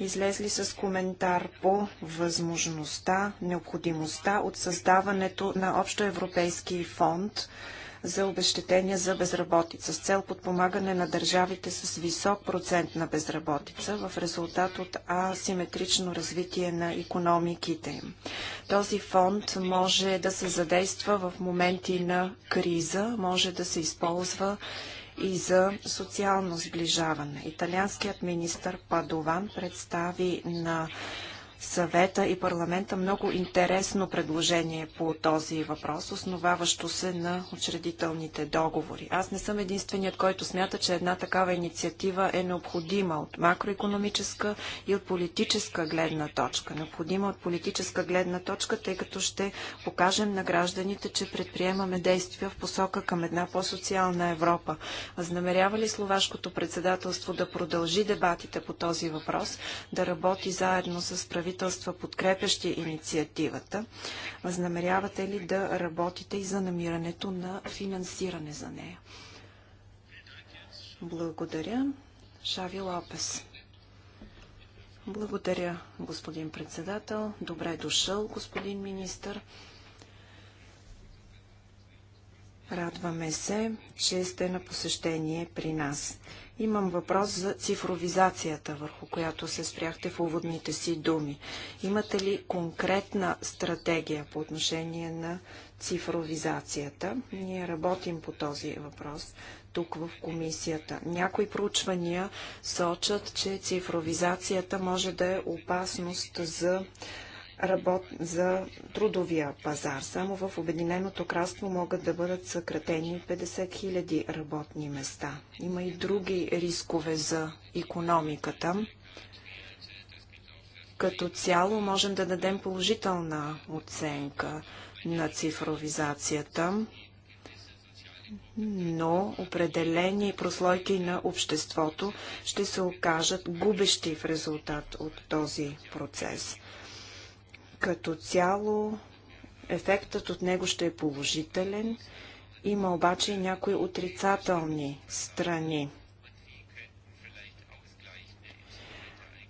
излезли с коментар по възможността, необходимостта от създаването на Общоевропейски фонд за обещетения за безработица с цел подпомагане на държавите с висок процент на безработица в резултат от асиметрично развитие на економиките им. Този фонд може да се задейства в моменти на криза, може да се използва и за социално сближаване. Италианският министр Падован представи на съвета и парламента много интересно предложение по този въпрос, основаващо се на учредителните договори. Аз не съм единственият, който смята, че една такава инициатива е необходима от макроекономическа и от политическа гледна точка. Необходима от политическа гледна точка, тъй като ще покажем на гражданите, че предприемаме действия в посока към една по-социална Европа. Възнамерява ли словашкото председателство да продължи дебатите по този въпрос, да работи заедно с правителството правителства, подкрепящи инициативата, възнамерявате ли да работите и за намирането на финансиране за нея? Благодаря. Шави Лопес. Благодаря, господин председател. Добре е дошъл, господин министър. Радваме се, че сте на посещение при нас. Имам въпрос за цифровизацията, върху която се спряхте в уводните си думи. Имате ли конкретна стратегия по отношение на цифровизацията? Ние работим по този въпрос тук в комисията. Някои проучвания сочат, че цифровизацията може да е опасност за работ... за трудовия пазар. Само в Обединеното кралство могат да бъдат съкратени 50 000 работни места. Има и други рискове за економиката. Като цяло можем да дадем положителна оценка на цифровизацията, но определени прослойки на обществото ще се окажат губещи в резултат от този процес. Като цяло ефектът от него ще е положителен, има обаче и някои отрицателни страни.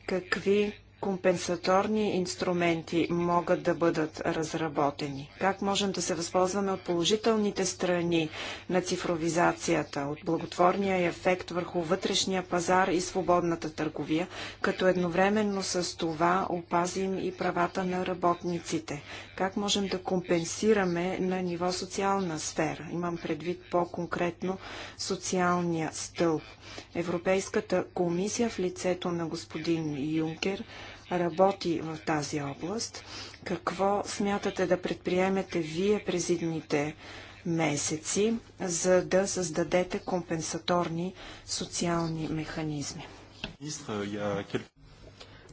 Какви компенсаторни инструменти могат да бъдат разработени? Как можем да се възползваме от положителните страни на цифровизацията, от благотворния ефект върху вътрешния пазар и свободната търговия, като едновременно с това опазим и правата на работниците? Как можем да компенсираме на ниво социална сфера? Имам предвид по-конкретно социалния стълб. Европейската комисия в лицето на господин Юнкер – работи в тази област. Какво смятате да предприемете вие през идните месеци, за да създадете компенсаторни социални механизми?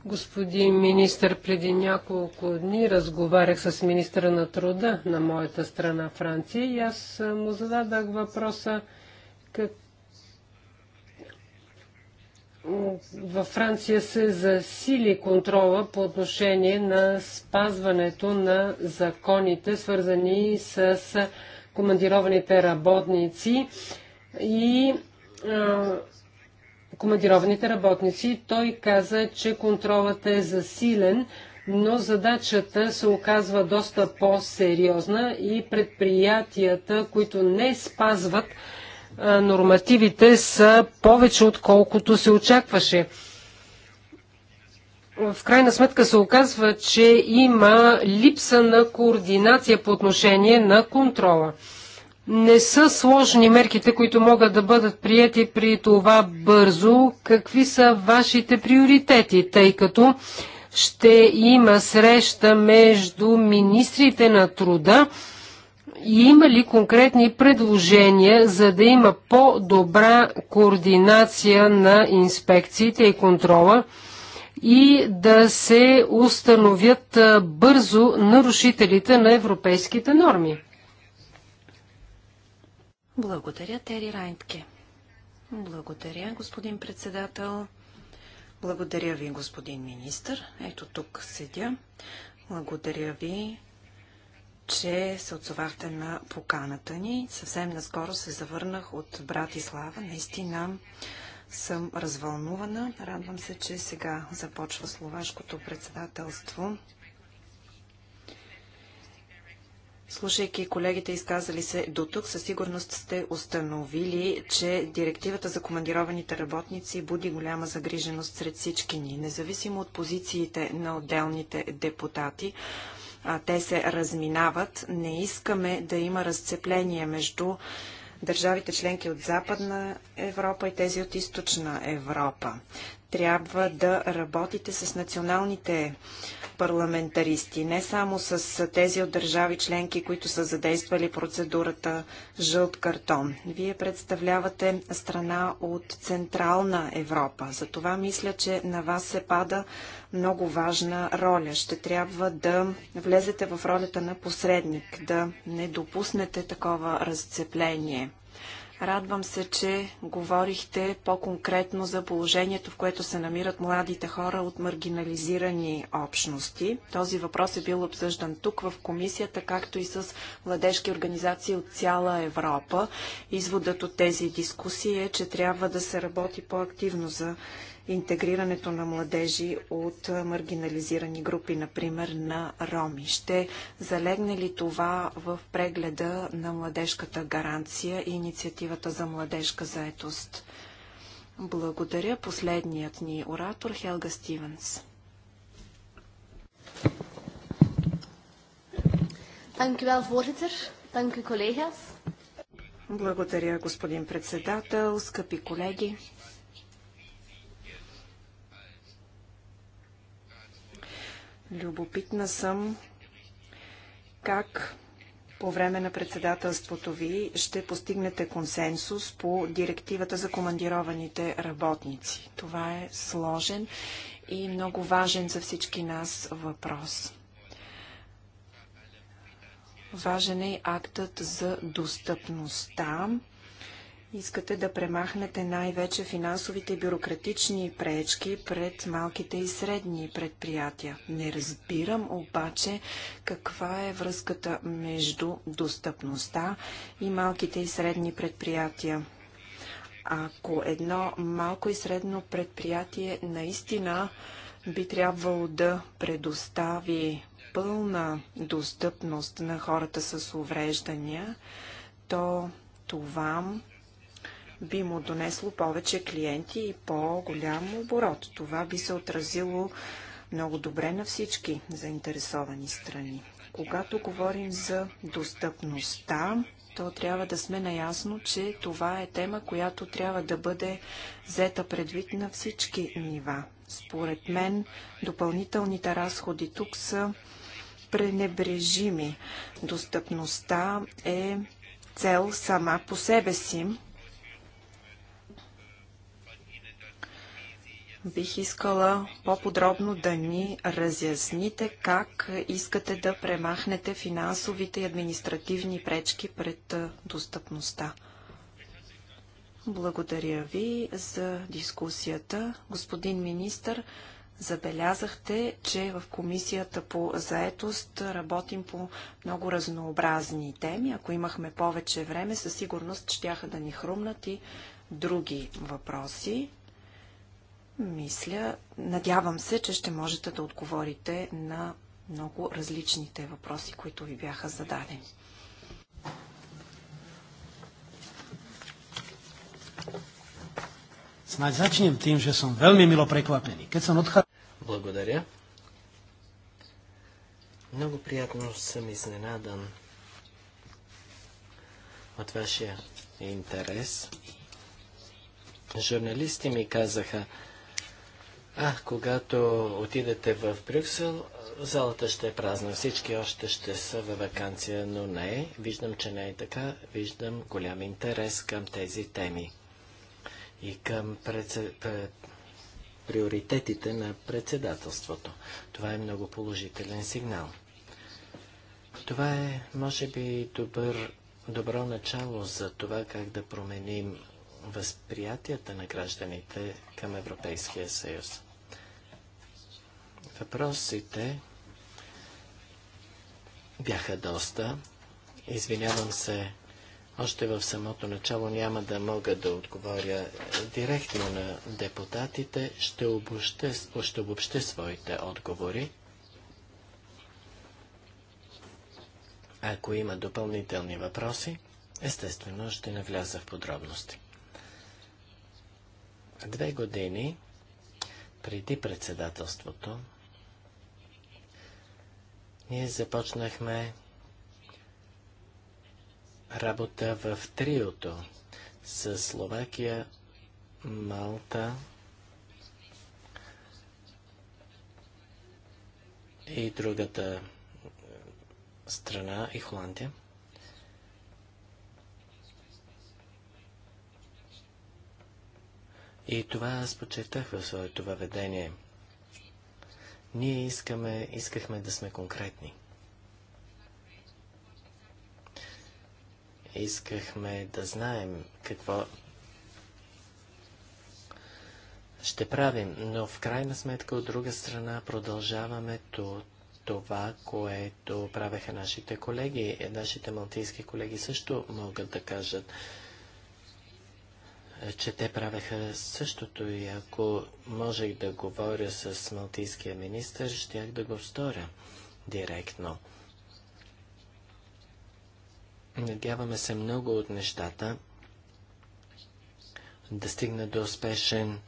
Господин министр, преди няколко дни разговарях с министра на труда на моята страна Франция и аз му зададах въпроса как, във Франция се засили контрола по отношение на спазването на законите, свързани с командированите работници и а, командированите работници. Той каза, че контролът е засилен, но задачата се оказва доста по-сериозна и предприятията, които не спазват нормативите са повече отколкото се очакваше. В крайна сметка се оказва, че има липса на координация по отношение на контрола. Не са сложни мерките, които могат да бъдат приети при това бързо. Какви са вашите приоритети, тъй като ще има среща между министрите на труда, има ли конкретни предложения, за да има по-добра координация на инспекциите и контрола и да се установят бързо нарушителите на европейските норми? Благодаря, Тери Райнтке. Благодаря, господин председател. Благодаря ви, господин министр. Ето тук седя. Благодаря ви че се отзовахте на поканата ни. Съвсем наскоро се завърнах от Братислава. Наистина съм развълнувана. Радвам се, че сега започва словашкото председателство. Слушайки колегите изказали се до тук, със сигурност сте установили, че директивата за командированите работници буди голяма загриженост сред всички ни. Независимо от позициите на отделните депутати, а, те се разминават. Не искаме да има разцепление между държавите членки от Западна Европа и тези от Източна Европа трябва да работите с националните парламентаристи, не само с тези от държави членки, които са задействали процедурата жълт картон. Вие представлявате страна от Централна Европа. За това мисля, че на вас се пада много важна роля. Ще трябва да влезете в ролята на посредник, да не допуснете такова разцепление. Радвам се, че говорихте по-конкретно за положението, в което се намират младите хора от маргинализирани общности. Този въпрос е бил обсъждан тук в комисията, както и с младежки организации от цяла Европа. Изводът от тези дискусии е, че трябва да се работи по-активно за интегрирането на младежи от маргинализирани групи, например на роми. Ще залегне ли това в прегледа на младежката гаранция и инициативата за младежка заетост? Благодаря. Последният ни оратор Хелга Стивенс. voorzitter. collega's. Благодаря, господин председател, скъпи колеги. Любопитна съм как по време на председателството ви ще постигнете консенсус по директивата за командированите работници. Това е сложен и много важен за всички нас въпрос. Важен е и актът за достъпността. Искате да премахнете най-вече финансовите бюрократични пречки пред малките и средни предприятия. Не разбирам обаче каква е връзката между достъпността и малките и средни предприятия. Ако едно малко и средно предприятие наистина би трябвало да предостави пълна достъпност на хората с увреждания, то това би му донесло повече клиенти и по-голям оборот. Това би се отразило много добре на всички заинтересовани страни. Когато говорим за достъпността, то трябва да сме наясно, че това е тема, която трябва да бъде взета предвид на всички нива. Според мен, допълнителните разходи тук са пренебрежими. Достъпността е цел сама по себе си. Бих искала по-подробно да ни разясните как искате да премахнете финансовите и административни пречки пред достъпността. Благодаря ви за дискусията. Господин министър, забелязахте, че в Комисията по заетост работим по много разнообразни теми. Ако имахме повече време, със сигурност щяха да ни хрумнат и други въпроси. Мисля, надявам се, че ще можете да отговорите на много различните въпроси, които ви бяха зададени. Snaď začnem тим, че съм велми мило prekvapený. Къде съм отхар... Благодаря. Много приятно съм изненадан от вашия интерес. Журналисти ми казаха, а, когато отидете в Брюксел, залата ще е празна. Всички още ще са във вакансия, но не. Виждам, че не е така. Виждам голям интерес към тези теми и към преце... приоритетите на председателството. Това е много положителен сигнал. Това е, може би, добър, добро начало за това как да променим възприятията на гражданите към Европейския съюз. Въпросите бяха доста. Извинявам се, още в самото начало няма да мога да отговоря директно на депутатите. Ще обобща, ще обобща своите отговори. Ако има допълнителни въпроси, естествено ще навляза в подробности. Две години преди председателството ние започнахме работа в триото с Словакия, Малта и другата страна и Холандия. И това аз подчертах в своето въведение – ние искаме, искахме да сме конкретни. Искахме да знаем какво ще правим, но в крайна сметка от друга страна продължаваме то, това, което правеха нашите колеги. Нашите малтийски колеги също могат да кажат, е, че те правеха същото и ако можех да говоря с малтийския министр, щях да го сторя директно. Надяваме се много от нещата да стигна до успешен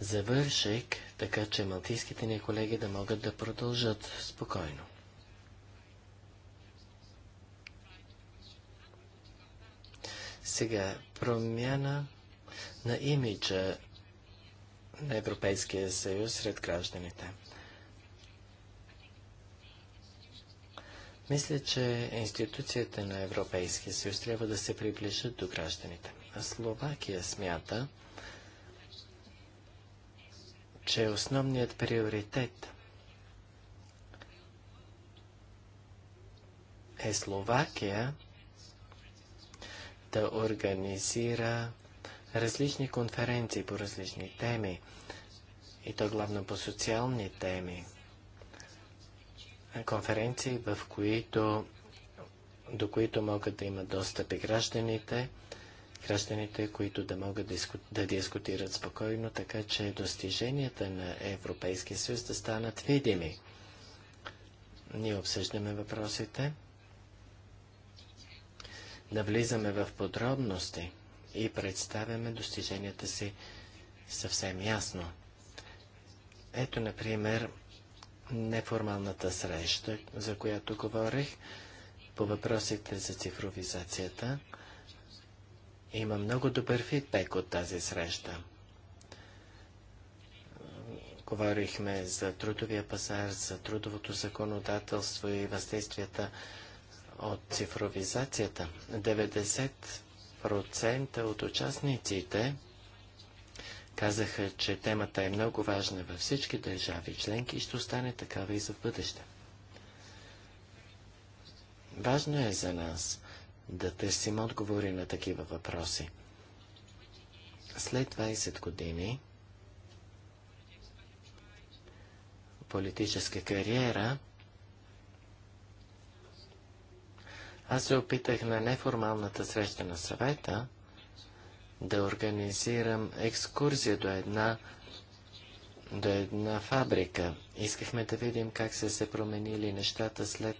завършек, така че малтийските ни колеги да могат да продължат спокойно. Сега промяна на имиджа на Европейския съюз сред гражданите. Мисля, че институцията на Европейския съюз трябва да се приближат до гражданите. А Словакия смята, че основният приоритет е Словакия да организира различни конференции по различни теми, и то главно по социални теми. Конференции, в които, до които могат да имат достъп и гражданите, гражданите, които да могат да, диску, да дискутират спокойно, така че достиженията на Европейския съюз да станат видими. Ние обсъждаме въпросите. Да влизаме в подробности и представяме достиженията си съвсем ясно. Ето, например, неформалната среща, за която говорих, по въпросите за цифровизацията. Има много добър фидбек от тази среща. Говорихме за трудовия пазар, за трудовото законодателство и въздействията от цифровизацията. 90% от участниците казаха, че темата е много важна във всички държави членки и ще остане такава и за бъдеще. Важно е за нас да търсим отговори на такива въпроси. След 20 години политическа кариера – Аз се опитах на неформалната среща на съвета да организирам екскурзия до една, до една фабрика. Искахме да видим как са се променили нещата след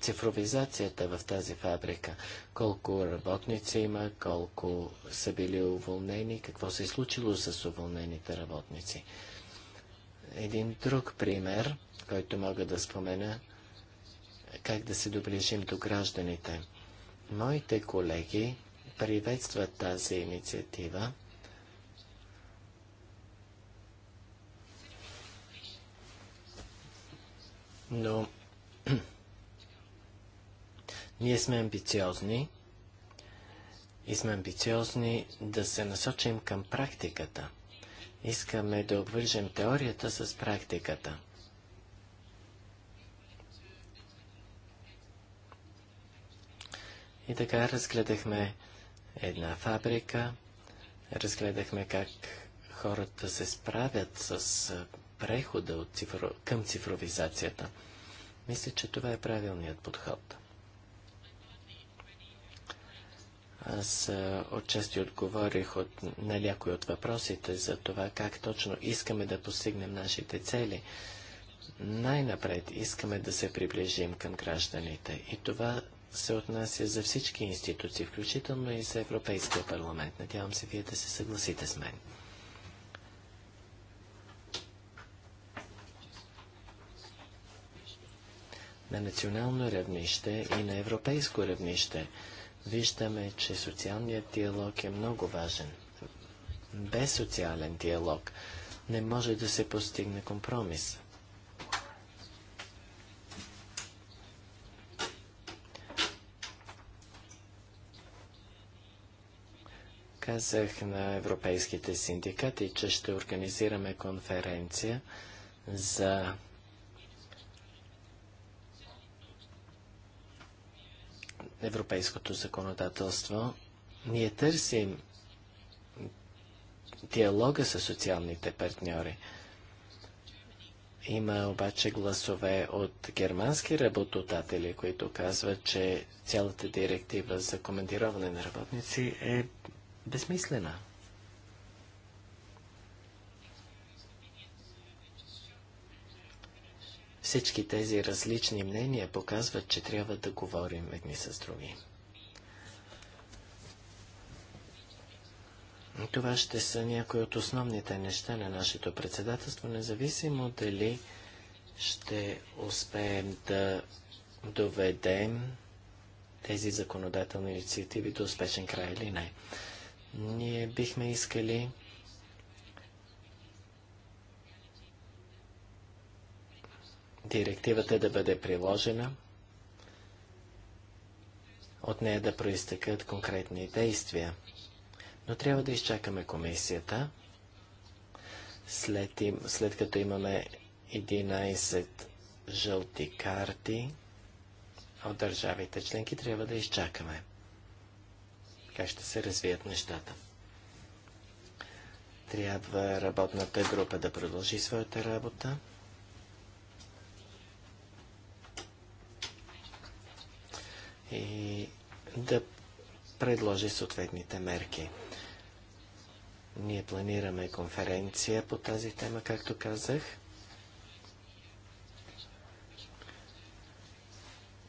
цифровизацията в тази фабрика. Колко работници има, колко са били уволнени, какво се е случило с уволнените работници. Един друг пример, който мога да спомена, как да се доближим до гражданите. Моите колеги приветстват тази инициатива. Но ние сме амбициозни и сме амбициозни да се насочим към практиката. Искаме да обвържем теорията с практиката. И така разгледахме една фабрика, разгледахме как хората се справят с прехода от цифро... към цифровизацията. Мисля, че това е правилният подход. Аз отчасти отговорих от, на някои от въпросите за това как точно искаме да постигнем нашите цели. Най-напред искаме да се приближим към гражданите и това се отнася за всички институции, включително и за Европейския парламент. Надявам се вие да се съгласите с мен. На национално равнище и на европейско равнище виждаме, че социалният диалог е много важен. Без социален диалог не може да се постигне компромис. Казах на европейските синдикати, че ще организираме конференция за европейското законодателство. Ние търсим диалога с социалните партньори. Има обаче гласове от германски работодатели, които казват, че цялата директива за командироване на работници е безсмислена. Всички тези различни мнения показват, че трябва да говорим едни с други. Това ще са някои от основните неща на нашето председателство, независимо дали ще успеем да доведем тези законодателни инициативи до успешен край или не. Ние бихме искали директивата да бъде приложена, от нея да проистъкат конкретни действия. Но трябва да изчакаме комисията, след, им, след като имаме 11 жълти карти от държавите членки, трябва да изчакаме така ще се развият нещата. Трябва работната група да продължи своята работа. И да предложи съответните мерки. Ние планираме конференция по тази тема, както казах.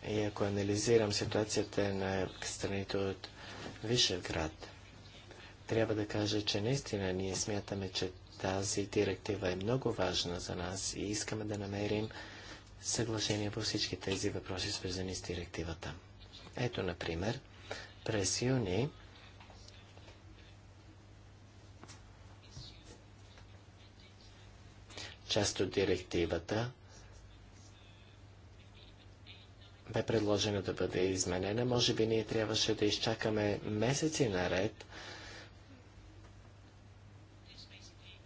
И ако анализирам ситуацията на страните от Вишеград. Трябва да кажа, че наистина ние смятаме, че тази директива е много важна за нас и искаме да намерим съглашение по всички тези въпроси, свързани с директивата. Ето, например, през юни част от директивата бе предложено да бъде изменена. Може би ние трябваше да изчакаме месеци наред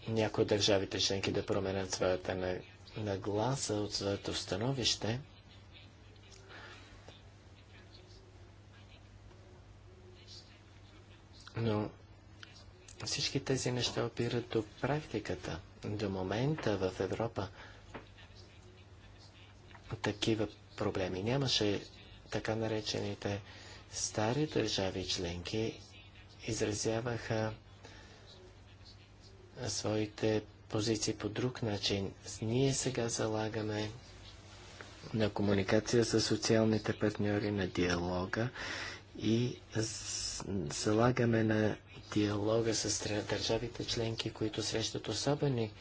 някои от държавите членки да променят своята нагласа от своето становище. Но всички тези неща опират до практиката. До момента в Европа такива проблеми. Нямаше така наречените стари държави членки изразяваха своите позиции по друг начин. Ние сега залагаме на комуникация с социалните партньори, на диалога и залагаме на диалога с държавите членки, които срещат особени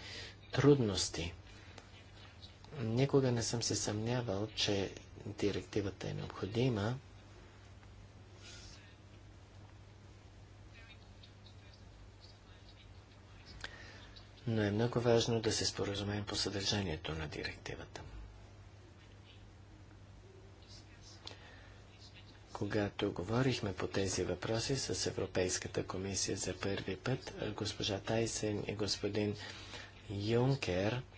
трудности. Никога не съм се съмнявал, че директивата е необходима. Но е много важно да се споразумеем по съдържанието на директивата. Когато говорихме по тези въпроси с Европейската комисия за първи път, госпожа Тайсен и господин Юнкер –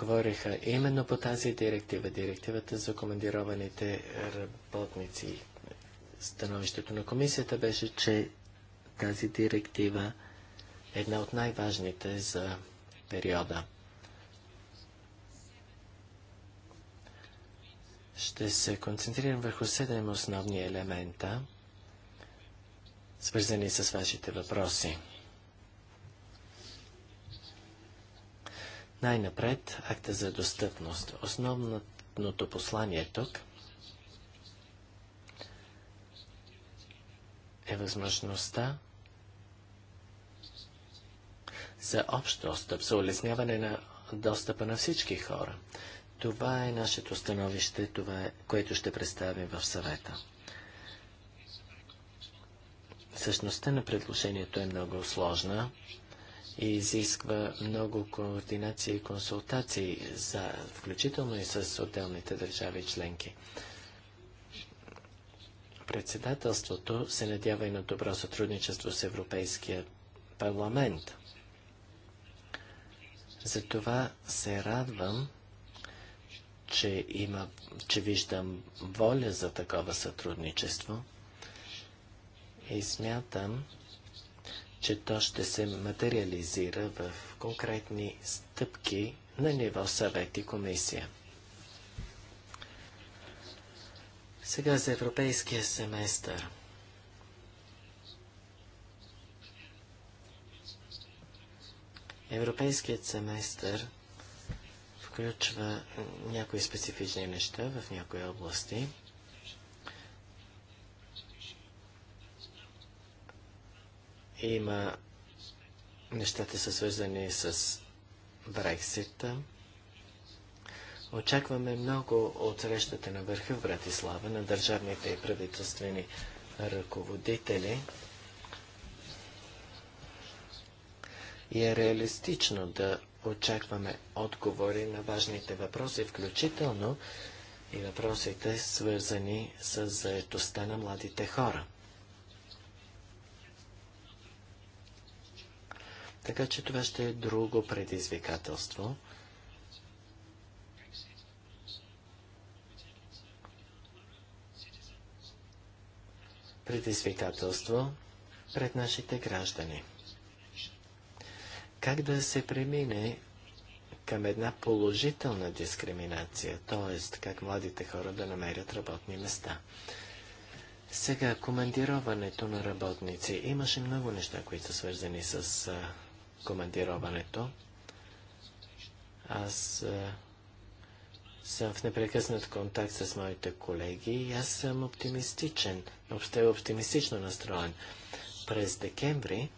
говориха именно по тази директива, директивата за командированите работници. Становището на комисията беше, че тази директива е една от най-важните за периода. Ще се концентрирам върху седем основни елемента, свързани с вашите въпроси. Най-напред, акта за достъпност. Основното послание тук е възможността за общ достъп, за улесняване на достъпа на всички хора. Това е нашето становище, това е, което ще представим в съвета. Същността на предложението е много сложна и изисква много координация и консултации, за, включително и с отделните държави членки. Председателството се надява и на добро сътрудничество с Европейския парламент. Затова се радвам, че, има, че виждам воля за такова сътрудничество и смятам, че то ще се материализира в конкретни стъпки на ниво съвет и комисия. Сега за европейския семестър. Европейският семестър включва някои специфични неща в някои области – Има нещата са свързани с Брексита. Очакваме много от срещата на върха в Братислава на държавните и правителствени ръководители. И е реалистично да очакваме отговори на важните въпроси, включително и въпросите свързани с заедостта на младите хора. Така че това ще е друго предизвикателство. Предизвикателство пред нашите граждани. Как да се премине към една положителна дискриминация, т.е. как младите хора да намерят работни места. Сега, командироването на работници. Имаше много неща, които са свързани с командироването. Аз а, съм в непрекъснат контакт с моите колеги и аз съм оптимистичен, въобще оптимистично настроен. През декември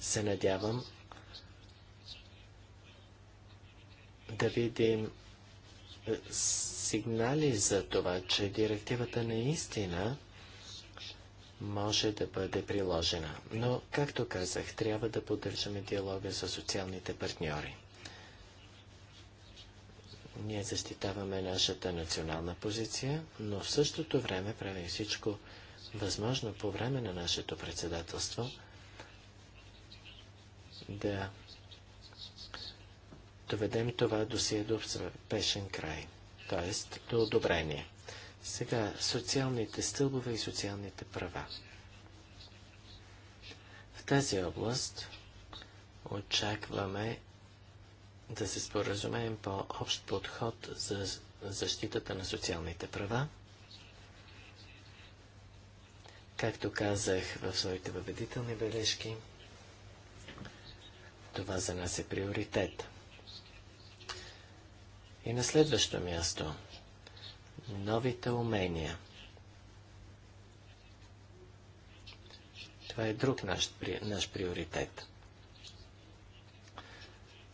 се надявам да видим сигнали за това, че директивата наистина може да бъде приложена. Но, както казах, трябва да поддържаме диалога с социалните партньори. Ние защитаваме нашата национална позиция, но в същото време правим всичко възможно по време на нашето председателство да доведем това досие до пешен край, т.е. до одобрение. Сега, социалните стълбове и социалните права. В тази област очакваме да се споразумеем по общ подход за защитата на социалните права. Както казах в своите въведителни бележки, това за нас е приоритет. И на следващо място – новите умения. Това е друг наш, наш приоритет.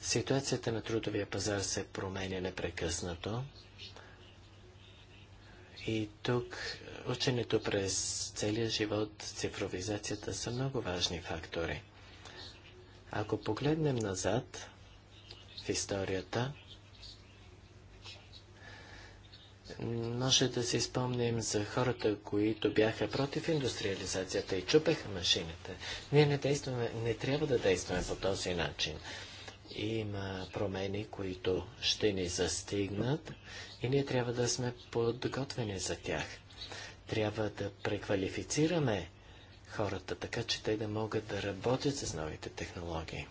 Ситуацията на трудовия пазар се променя непрекъснато. И тук ученето през целия живот, цифровизацията са много важни фактори. Ако погледнем назад в историята, Може да си спомним за хората, които бяха против индустриализацията и чупеха машините. Ние не, действаме, не трябва да действаме по този начин. Има промени, които ще ни застигнат и ние трябва да сме подготвени за тях. Трябва да преквалифицираме хората, така че те да могат да работят с новите технологии.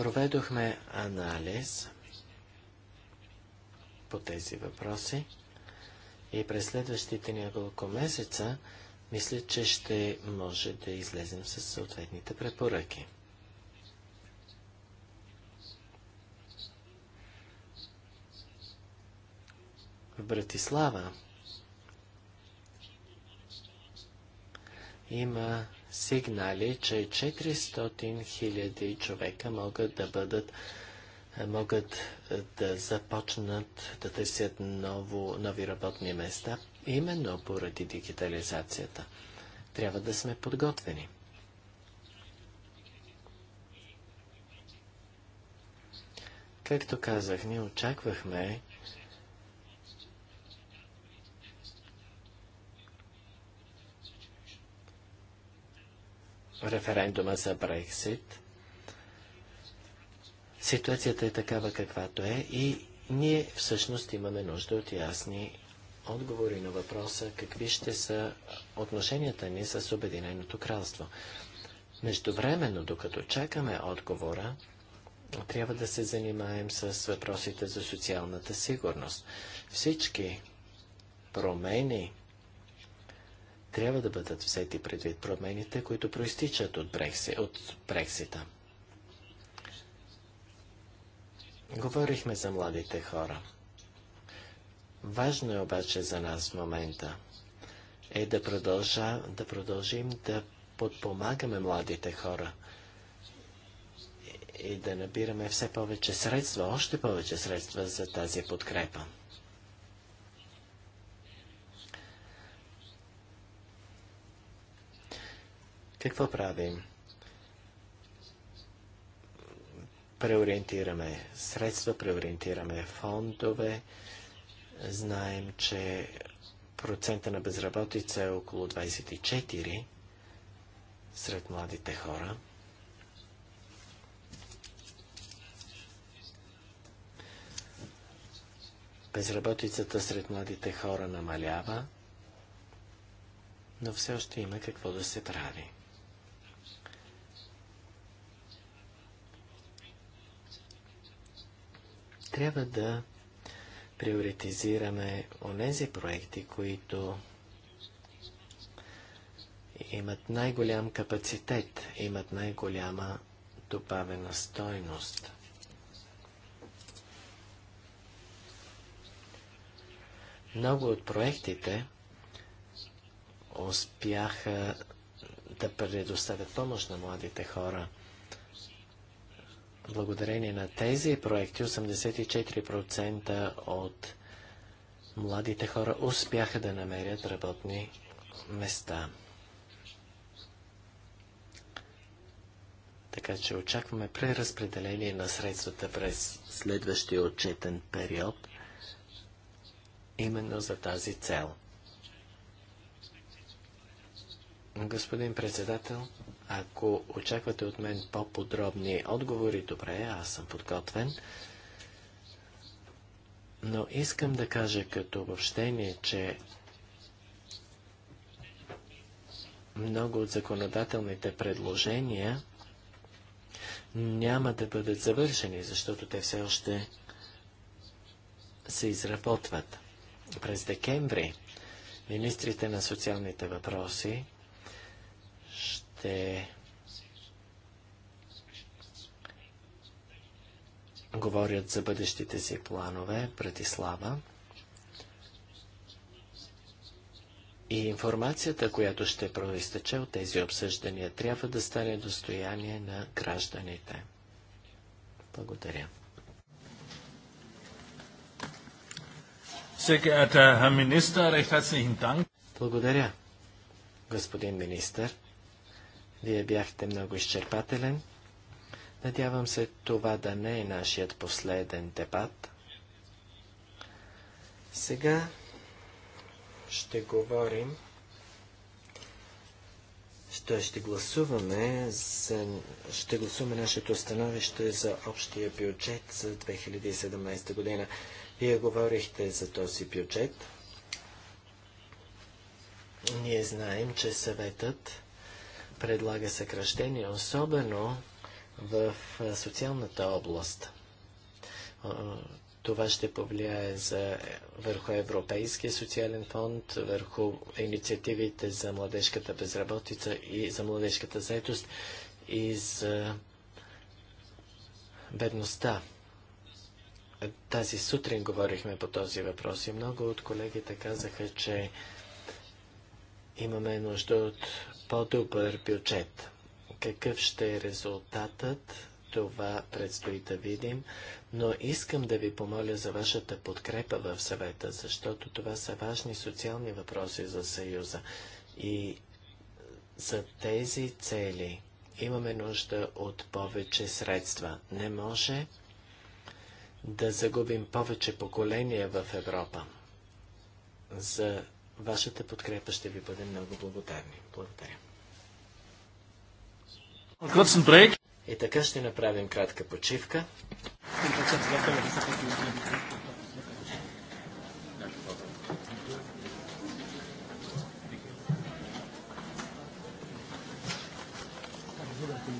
Проведохме анализ по тези въпроси и през следващите няколко месеца мисля, че ще може да излезем с съответните препоръки. В Братислава има сигнали, че 400 000 човека могат да бъдат е, могат е, да започнат да търсят ново, нови работни места, именно поради дигитализацията. Трябва да сме подготвени. Както казах, ние очаквахме референдума за Брексит. Ситуацията е такава каквато е и ние всъщност имаме нужда от ясни отговори на въпроса какви ще са отношенията ни с Обединеното кралство. Междувременно, докато чакаме отговора, трябва да се занимаем с въпросите за социалната сигурност. Всички промени трябва да бъдат взети предвид промените, които проистичат от, Брекси, от Брексита. Говорихме за младите хора. Важно е обаче за нас в момента е да, продължа, да продължим да подпомагаме младите хора и да набираме все повече средства, още повече средства за тази подкрепа. Какво правим? Преориентираме средства, преориентираме фондове. Знаем, че процента на безработица е около 24 сред младите хора. Безработицата сред младите хора намалява, но все още има какво да се прави. трябва да приоритизираме онези проекти, които имат най-голям капацитет, имат най-голяма добавена стойност. Много от проектите успяха да предоставят помощ на младите хора – Благодарение на тези проекти 84% от младите хора успяха да намерят работни места. Така че очакваме преразпределение на средствата през следващия отчетен период именно за тази цел. Господин председател, ако очаквате от мен по-подробни отговори, добре, аз съм подготвен. Но искам да кажа като обобщение, че много от законодателните предложения няма да бъдат завършени, защото те все още се изработват. През декември министрите на социалните въпроси ще говорят за бъдещите си планове, Братислава. И информацията, която ще проистече от тези обсъждания, трябва да стане достояние на гражданите. Благодаря. Благодаря, господин министър. Вие бяхте много изчерпателен. Надявам се това да не е нашият последен дебат. Сега ще говорим, ще, ще гласуваме, за, ще гласуваме нашето становище за общия бюджет за 2017 година. Вие говорихте за този бюджет. Ние знаем, че съветът предлага съкръщение, особено в социалната област. Това ще повлияе за, върху Европейския социален фонд, върху инициативите за младежката безработица и за младежката заетост и за бедността. Тази сутрин говорихме по този въпрос и много от колегите казаха, че имаме нужда от по-добър бюджет. Какъв ще е резултатът? Това предстои да видим, но искам да ви помоля за вашата подкрепа в съвета, защото това са важни социални въпроси за Съюза. И за тези цели имаме нужда от повече средства. Не може да загубим повече поколения в Европа. За Вашата подкрепа ще ви бъде много благодарни. Благодаря. И така ще направим кратка почивка. Thank you.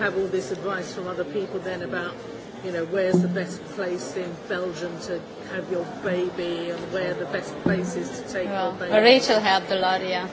have all this advice from other people then about, you know, where's the best place in Belgium to have your baby and where the best place is to take well, your baby. Rachel helped a lot, yeah.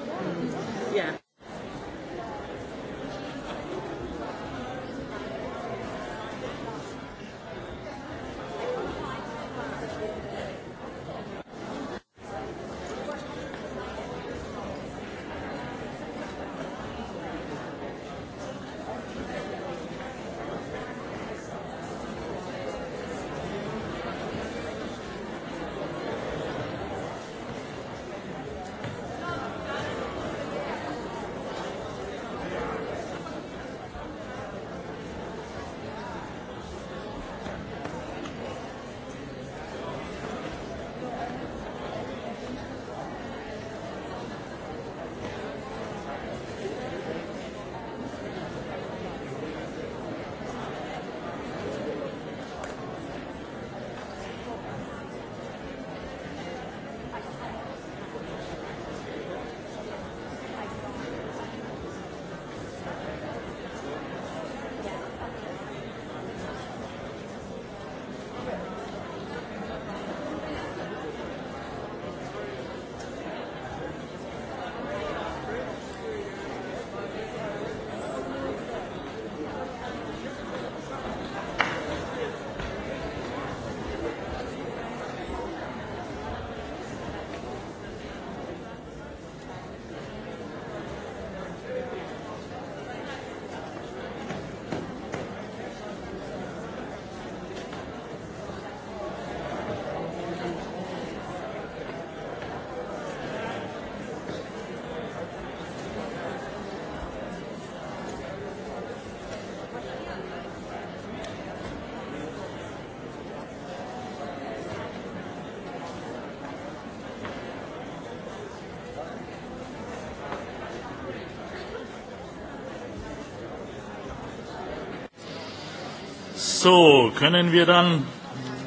So, können wir dann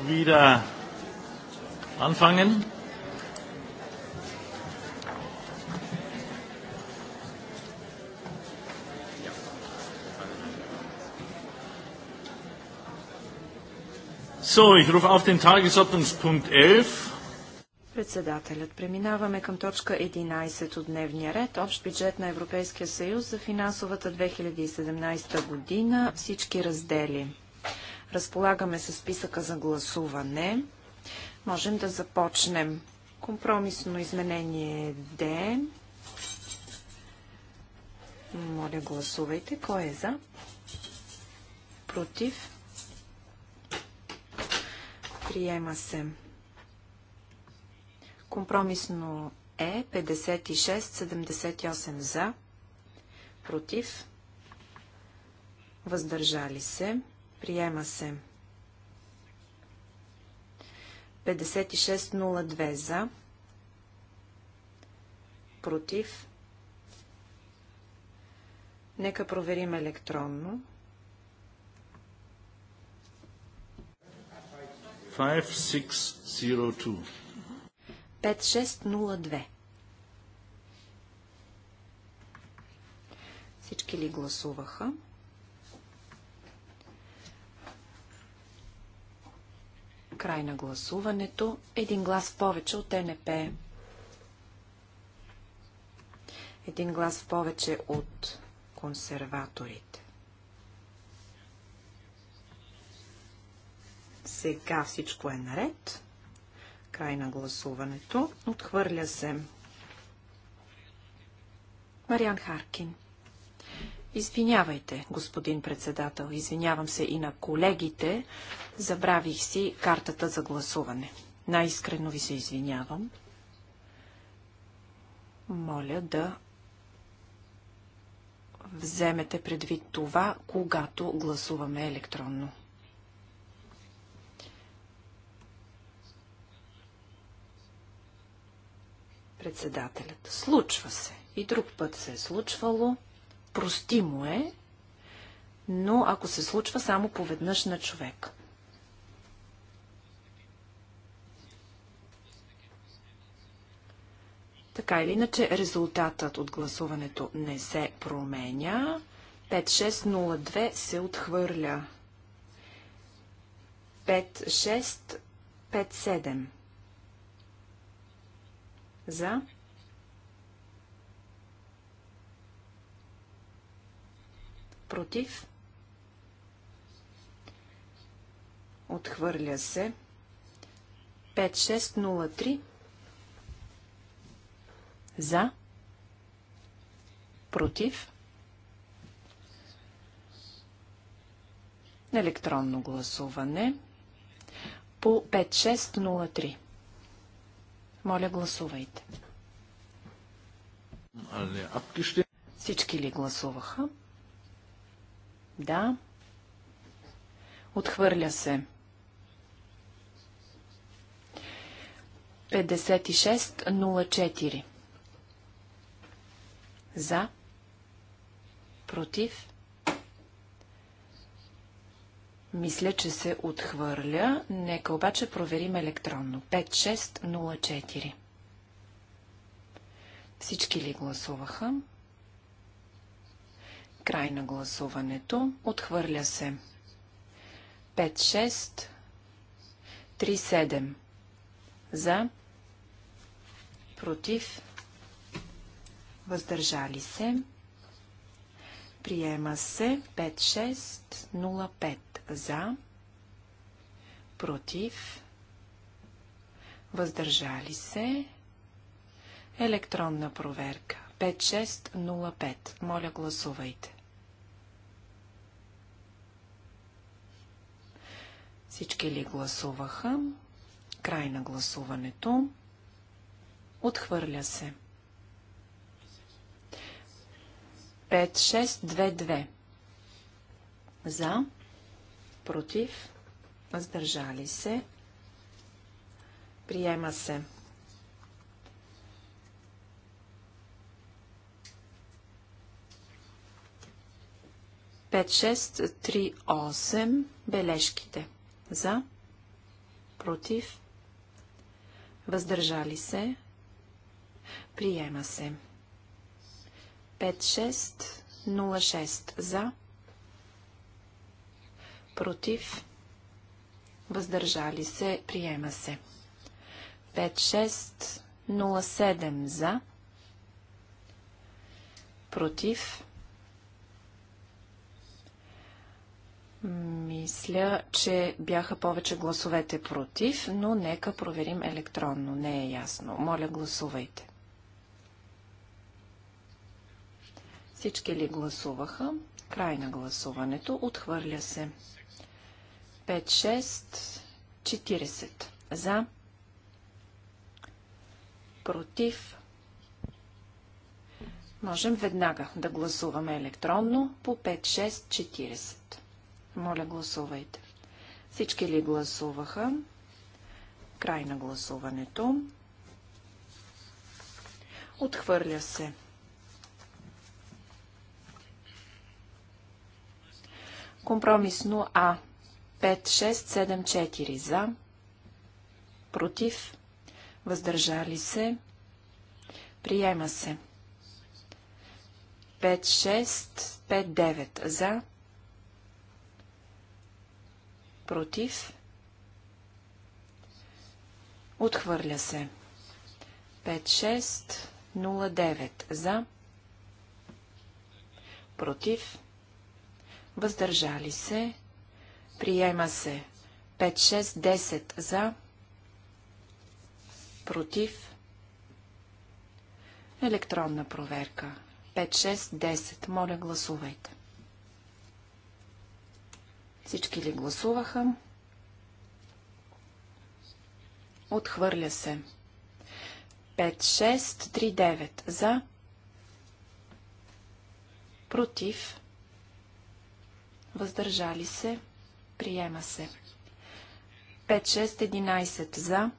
wieder anfangen? So, ich rufe auf den Tagesordnungspunkt 11. Председателят, преминаваме към точка 11 от дневния ред. Общ бюджет на Европейския съюз за финансовата 2017 година. Всички раздели. Разполагаме с списъка за гласуване. Можем да започнем. Компромисно изменение Д. Моля, гласувайте. Кой е за? Против? Приема се. Компромисно Е 56-78 за. Против? Въздържали се. Приема се. 5602 за. Против. Нека проверим електронно. 5602. 5602. Всички ли гласуваха? Край на гласуването. Един глас повече от НП. Един глас повече от консерваторите. Сега всичко е наред. Край на гласуването. Отхвърля се. Мариан Харкин. Извинявайте, господин председател. Извинявам се и на колегите. Забравих си картата за гласуване. Най-искрено ви се извинявам. Моля да вземете предвид това, когато гласуваме електронно. Председателят. Случва се. И друг път се е случвало простимо е, но ако се случва само поведнъж на човек. Така или иначе, резултатът от гласуването не се променя. 5602 се отхвърля. 5657 за Против. Отхвърля се. 5603. За. Против. Електронно гласуване по 5603. Моля, гласувайте. Всички ли гласуваха? Да. Отхвърля се. 5604. За. Против. Мисля, че се отхвърля. Нека обаче проверим електронно. 5604. Всички ли гласуваха? Край на гласуването. Отхвърля се. 5-6. 3-7. За. Против. Въздържали се. Приема се 5605 за, против, въздържали се, електронна проверка. 5605. Моля, гласувайте. Всички ли гласуваха? Край на гласуването. Отхвърля се. 5622. За. Против. Въздържали се. Приема се. 5-6-3-8 бележките за, против, въздържали се, приема се. 5-6-0-6 за, против, въздържали се, приема се. 5-6-0-7 за, против, въздържали се. Мисля, че бяха повече гласовете против, но нека проверим електронно. Не е ясно. Моля, гласувайте. Всички ли гласуваха? Край на гласуването. Отхвърля се. 5-6, 40. За. Против. Можем веднага да гласуваме електронно по 5-6-40. Моля, гласувайте. Всички ли гласуваха? Край на гласуването. Отхвърля се. Компромисно А. 5, 6, 7, 4 за, против, въздържали се, приема се. 5, 6, 5, 9 за, Против. Отхвърля се. 5609 за. Против. Въздържали се. Приема се. 5610 за. Против. Електронна проверка. 5610. Моля гласувайте. Всички ли гласуваха? Отхвърля се. 5-6-3-9 за. Против. Въздържали се. Приема се. 5-6-11 за.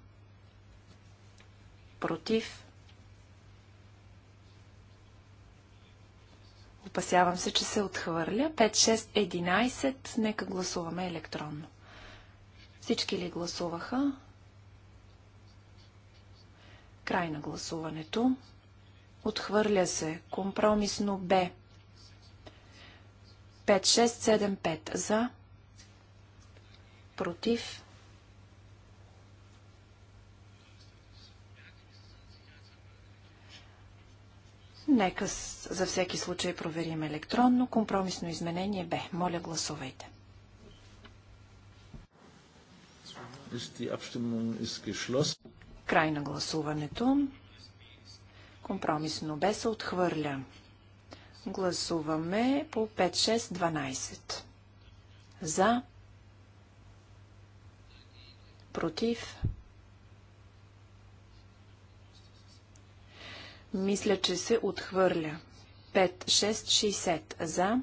Против. Опасявам се, че се отхвърля. 5, 6, 11. Нека гласуваме електронно. Всички ли гласуваха? Край на гласуването. Отхвърля се. Компромисно Б. 5675 за. Против. Нека за всеки случай проверим електронно. Компромисно изменение Б. Моля, гласувайте. Край на гласуването. Компромисно Б се отхвърля. Гласуваме по 5-6-12. За. Против. Против Мисля, че се отхвърля. 5-6-60 за.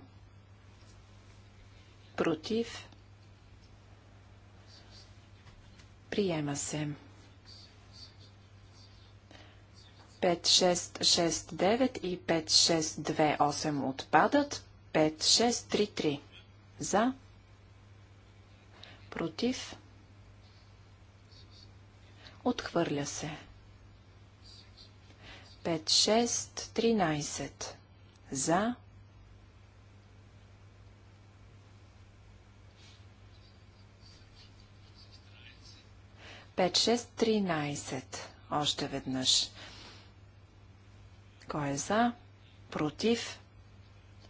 Против. Приема се. 5669 и 5 6 отпадат. 5 6 за. Против. Отхвърля се. 5, 6, 13. За. Пет, шест, тринайсет. Още веднъж. Кой е за? Против?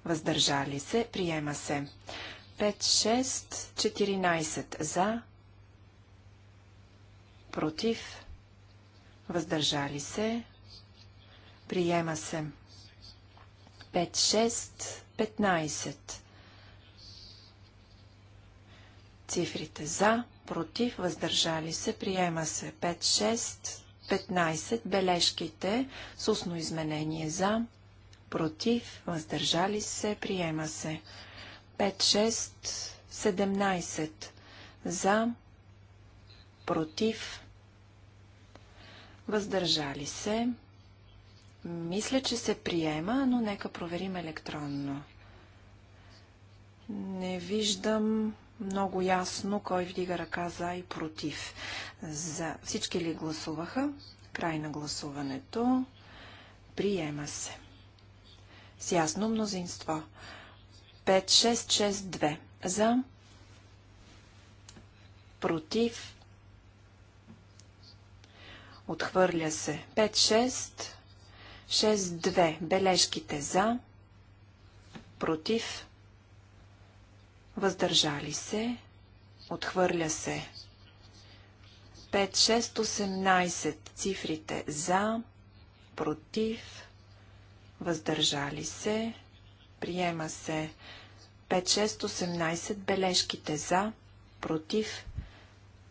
Въздържали се? Приема се. пет шест, четиринайсет. за, против, въздържали се, Приема се. 5-6, 15. Цифрите за, против, въздържали се. Приема се. 5-6, 15. Бележките с устно изменение за, против, въздържали се. Приема се. 5-6, 17. За, против, въздържали се. Мисля, че се приема, но нека проверим електронно. Не виждам много ясно кой вдига ръка за и против. За всички ли гласуваха? Край на гласуването. Приема се. С ясно мнозинство. 5-6-6-2. За. Против. Отхвърля се. 5-6. 6-2 бележките за, против, въздържали се, отхвърля се. 5-6-18 цифрите за, против, въздържали се, приема се. 5-6-18 бележките за, против,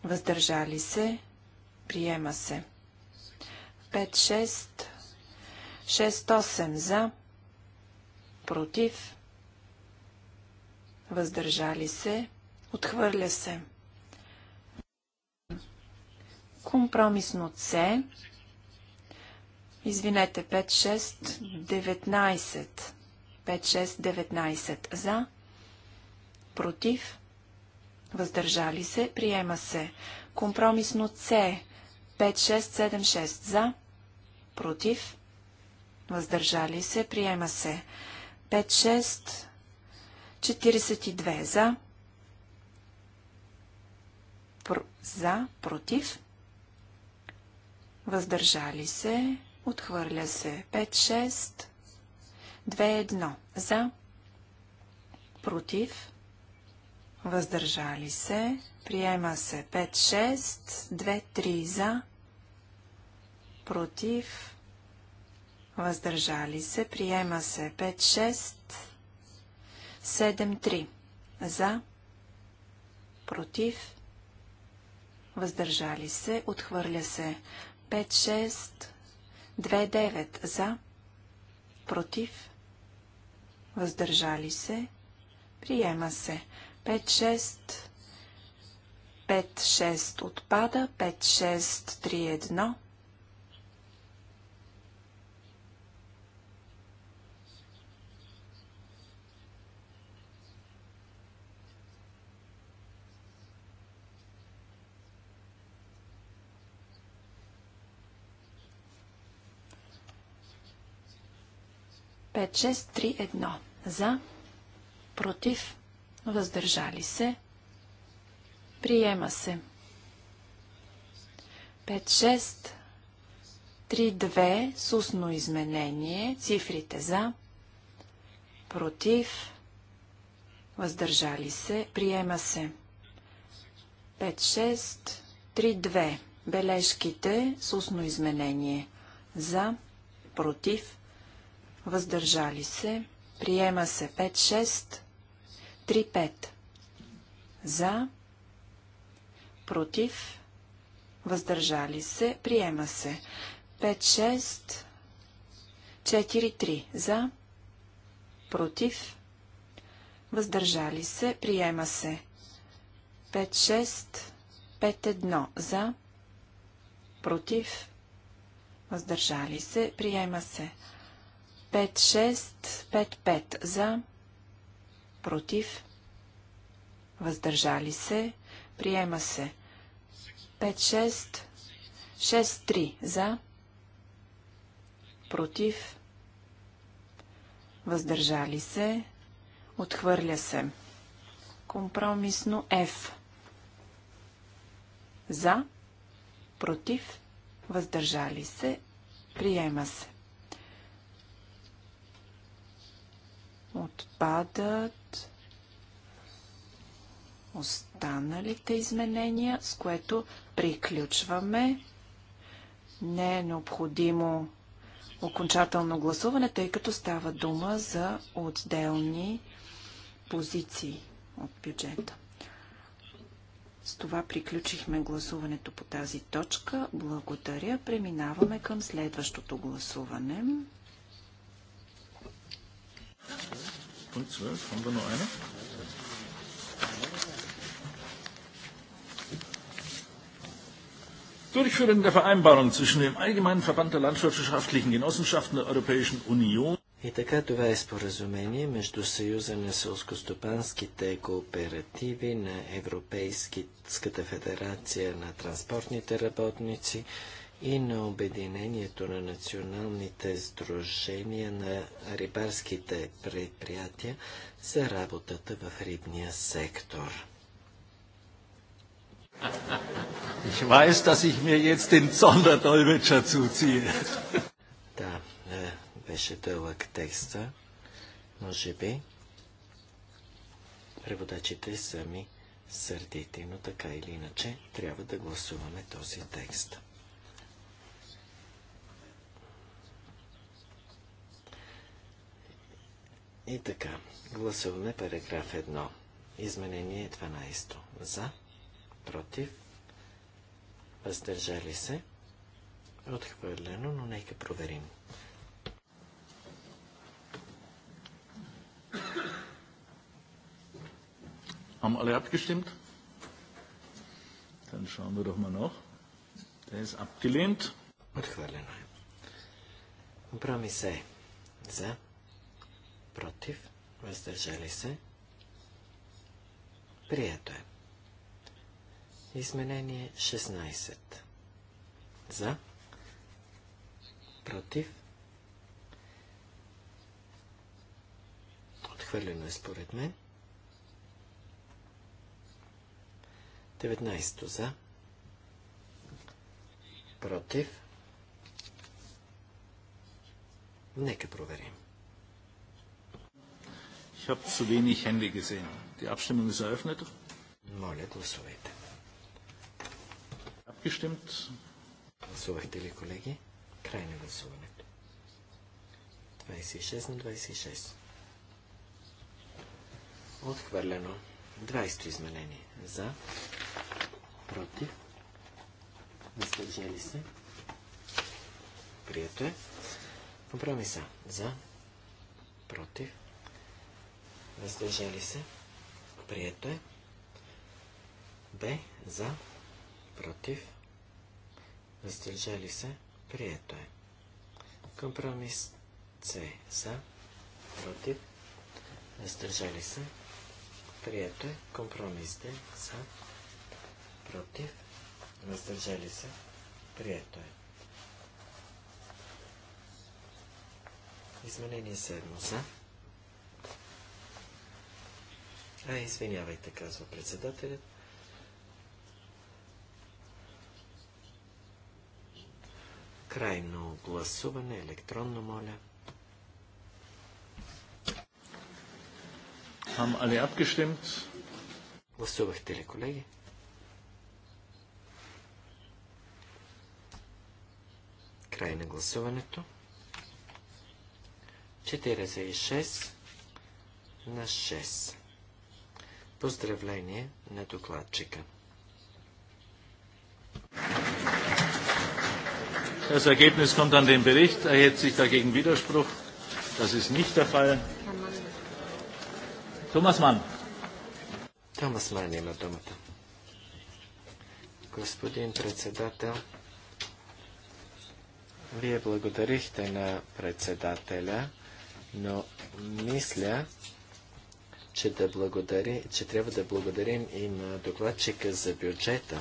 въздържали се, приема се. 5 6 6-8 за, против, въздържали се, отхвърля се. Компромисно С, извинете, 5-6-19, 5-6-19 за, против, въздържали се, приема се. Компромисно С, 5-6-7-6 за, против, въздържали се, приема се. 5-6, 42 за, Про, за, против, въздържали се, отхвърля се. 5-6, 2-1 за, против, въздържали се, приема се. 5-6, 2-3 за, против, въздържали се, приема се 5-6, 7-3 за, против, въздържали се, отхвърля се 5-6, 2-9 за, против, въздържали се, приема се 5-6, 5-6 отпада, 5-6-3-1 5631 за, против, въздържали се, приема се. 5632 с устно изменение, цифрите за, против, въздържали се, приема се. 5632 бележките с устно изменение за, против, въздържали се, приема се 5-6, 3-5. За, против, въздържали се, приема се 5-6, 4-3. За, против, въздържали се, приема се 5-6, 5-1. За, против, въздържали се, приема се 5 5-6, 5-5 за, против, въздържали се, приема се. 5-6, 6-3 за, против, въздържали се, отхвърля се. Компромисно F. За, против, въздържали се, приема се. Отпадат останалите изменения, с което приключваме. Не е необходимо окончателно гласуване, тъй като става дума за отделни позиции от бюджета. С това приключихме гласуването по тази точка. Благодаря. Преминаваме към следващото гласуване. Punkt 12. Haben wir nur eine? Durchführung der Vereinbarung zwischen dem Allgemeinen Verband der landwirtschaftlichen Genossenschaften der Europäischen Union и така това е споразумение между Съюза на селскостопанските кооперативи на Европейската федерация на транспортните работници, и на Обединението на националните сдружения на рибарските предприятия за работата в рибния сектор. Ich weiß, dass ich mir jetzt den Sonderdolmetscher zuziehe. Да, е, беше дълъг текста. Може би преводачите са ми сърдити, но така или иначе трябва да гласуваме този текст. И така, гласуваме параграф 1. Изменение 12. За, против, въздържали се. Отхвърлено, но нека проверим. Haben alle abgestimmt? Dann schauen wir doch mal noch. Der ist abgelehnt. Отхвърлено е. Компромис е за, против, въздържали се, прието е. Изменение 16. За, против, отхвърлено е според мен. 19 за, против, Нека проверим. Ich habe zu wenig Hände gesehen. Die Abstimmung ist eröffnet. Моля, гласувайте. Abgestimmt. Гласувахте ли, колеги? Край на гласуването. 26 на 26. Отхвърлено. 20 изменение. За. Против. Въздържали се. Прието е. Компромиса. За. Против въздържали се, прието е. Б за, против, въздържали се, прието е. Компромис С за, против, въздържали се, прието е. Компромис Д за, против, въздържали се, прието е. Изменение 7 за, А, извинявайте, казва председателят. Крайно гласуване, електронно моля. Хам али abgestimmt? Гласувахте ли, колеги? Край на гласуването. 46 на 6. Поздравление на докладчика. Das Ergebnis kommt an den Bericht. Erhebt sich dagegen Widerspruch? Das ist nicht der Fall. Thomas Mann. Thomas Mann има думата. Господин председател, вие благодарихте на председателя, но мисля, че, да благодари, че трябва да благодарим и на докладчика за бюджета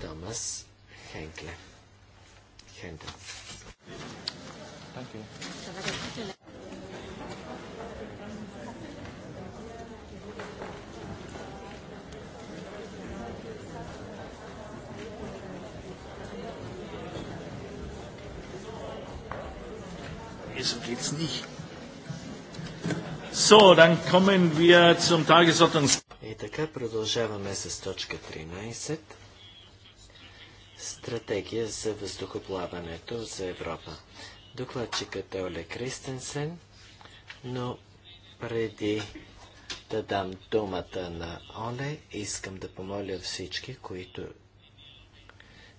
Томас Хенкле. Хенкле. Ist und geht's nicht. So, dann kommen wir zum Tagesordnungs... И така продължаваме с точка 13. Стратегия за въздухоплаването за Европа. Докладчикът е Оле Кристенсен, но преди да дам думата на Оле, искам да помоля всички, които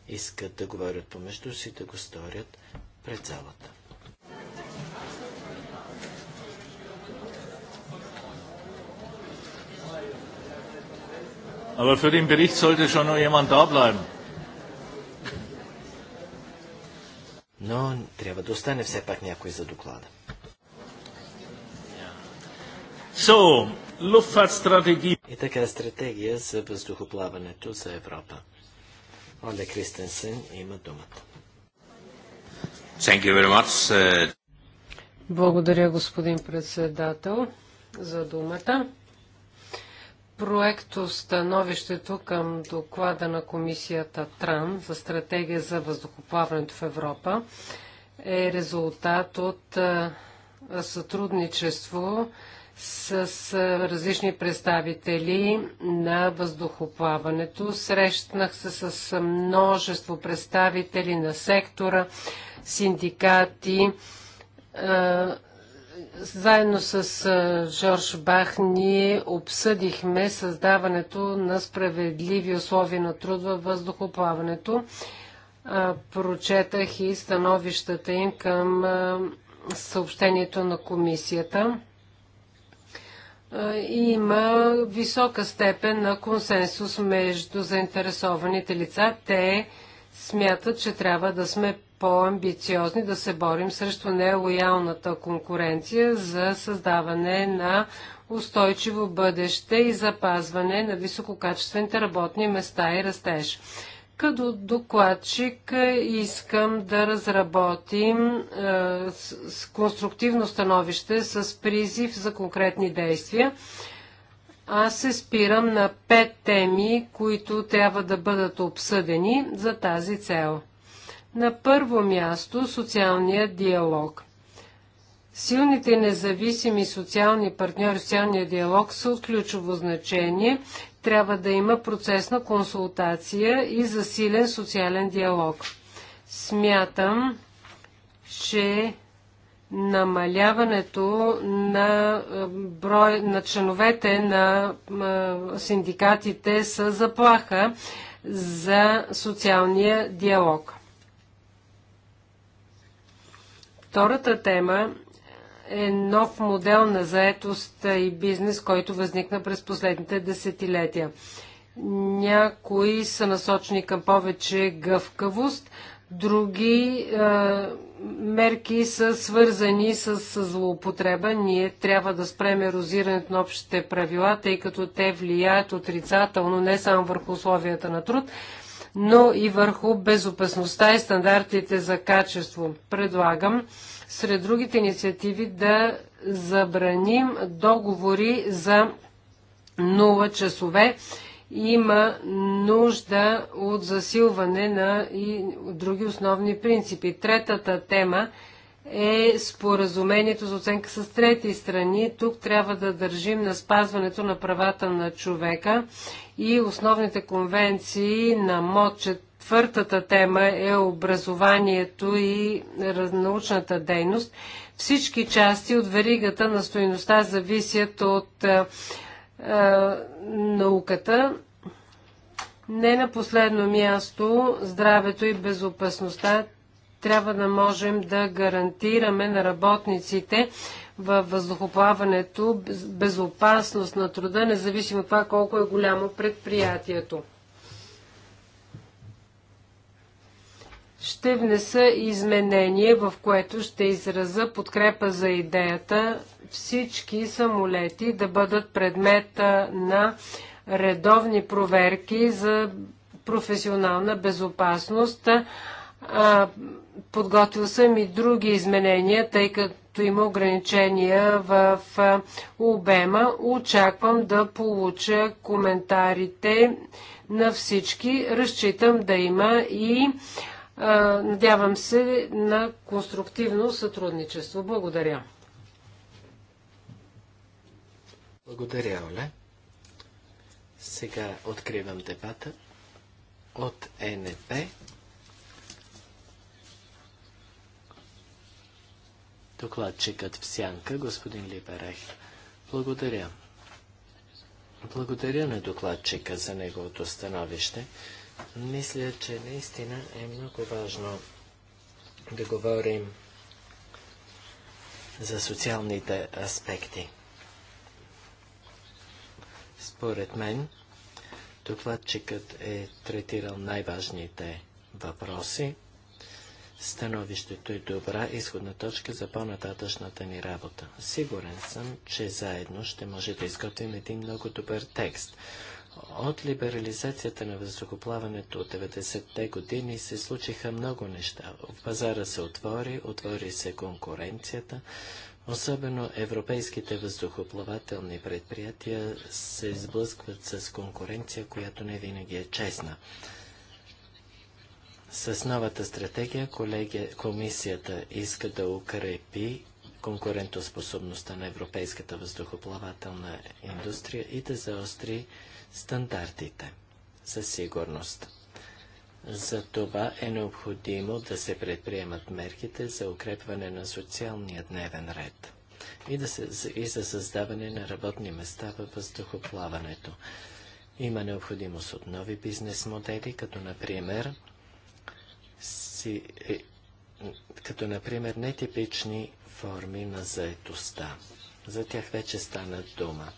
искат да говорят помежду си, да го сторят пред залата. Aber für den Bericht sollte schon noch jemand da bleiben. Но трябва да остане все пак някой за доклада. So, Luftfahrtstrategie. И така, стратегия за въздухоплаването за Европа. Оле Кристенсен има думата. Thank you very much. Благодаря, господин председател, за думата проекто становището към доклада на комисията ТРАН за стратегия за въздухоплаването в Европа е резултат от сътрудничество с различни представители на въздухоплаването. Срещнах се с множество представители на сектора, синдикати, заедно с Жорж Бах ние обсъдихме създаването на справедливи условия на труд във въздухоплаването. Прочетах и становищата им към съобщението на комисията. Има висока степен на консенсус между заинтересованите лица. Те смятат, че трябва да сме по-амбициозни да се борим срещу нелоялната конкуренция за създаване на устойчиво бъдеще и запазване на висококачествените работни места и растеж. Като докладчик искам да разработим е, с, с конструктивно становище с призив за конкретни действия. Аз се спирам на пет теми, които трябва да бъдат обсъдени за тази цел – на първо място социалния диалог. Силните независими социални партньори, социалния диалог са от ключово значение. Трябва да има процес на консултация и засилен социален диалог. Смятам, че намаляването на брой на членовете на синдикатите са заплаха за социалния диалог. Втората тема е нов модел на заетост и бизнес, който възникна през последните десетилетия. Някои са насочени към повече гъвкавост, други е, мерки са свързани с, злоупотреба. Ние трябва да спреме ерозирането на общите правила, тъй като те влияят отрицателно не само върху условията на труд, но и върху безопасността и стандартите за качество. Предлагам сред другите инициативи да забраним договори за 0 часове. Има нужда от засилване на и други основни принципи. Третата тема е е споразумението за оценка с трети страни. Тук трябва да държим на спазването на правата на човека и основните конвенции на МОД. Четвъртата тема е образованието и научната дейност. Всички части от веригата на стоеността зависят от е, е, науката. Не на последно място здравето и безопасността трябва да можем да гарантираме на работниците във въздухоплаването безопасност на труда, независимо от това колко е голямо предприятието. Ще внеса изменение, в което ще израза подкрепа за идеята всички самолети да бъдат предмета на редовни проверки за професионална безопасност. Подготвил съм и други изменения, тъй като има ограничения в обема. Очаквам да получа коментарите на всички. Разчитам да има и надявам се на конструктивно сътрудничество. Благодаря. Благодаря, Оле. Сега откривам дебата от НП. Докладчикът в сянка, господин Либерех. Благодаря. Благодаря на докладчика за неговото становище. Мисля, че наистина е много важно да говорим за социалните аспекти. Според мен, докладчикът е третирал най-важните въпроси. Становището е добра изходна точка за по-нататъчната ни работа. Сигурен съм, че заедно ще може да изготвим един много добър текст. От либерализацията на въздухоплаването от 90-те години се случиха много неща. Пазара се отвори, отвори се конкуренцията. Особено европейските въздухоплавателни предприятия се сблъскват с конкуренция, която не винаги е честна. С новата стратегия колегия, комисията иска да укрепи конкурентоспособността на европейската въздухоплавателна индустрия и да заостри стандартите за сигурност. За това е необходимо да се предприемат мерките за укрепване на социалния дневен ред и, да се, и за създаване на работни места във въздухоплаването. Има необходимост от нови бизнес модели, като например си, е, като например нетипични форми на заетостта. За тях вече стана дума.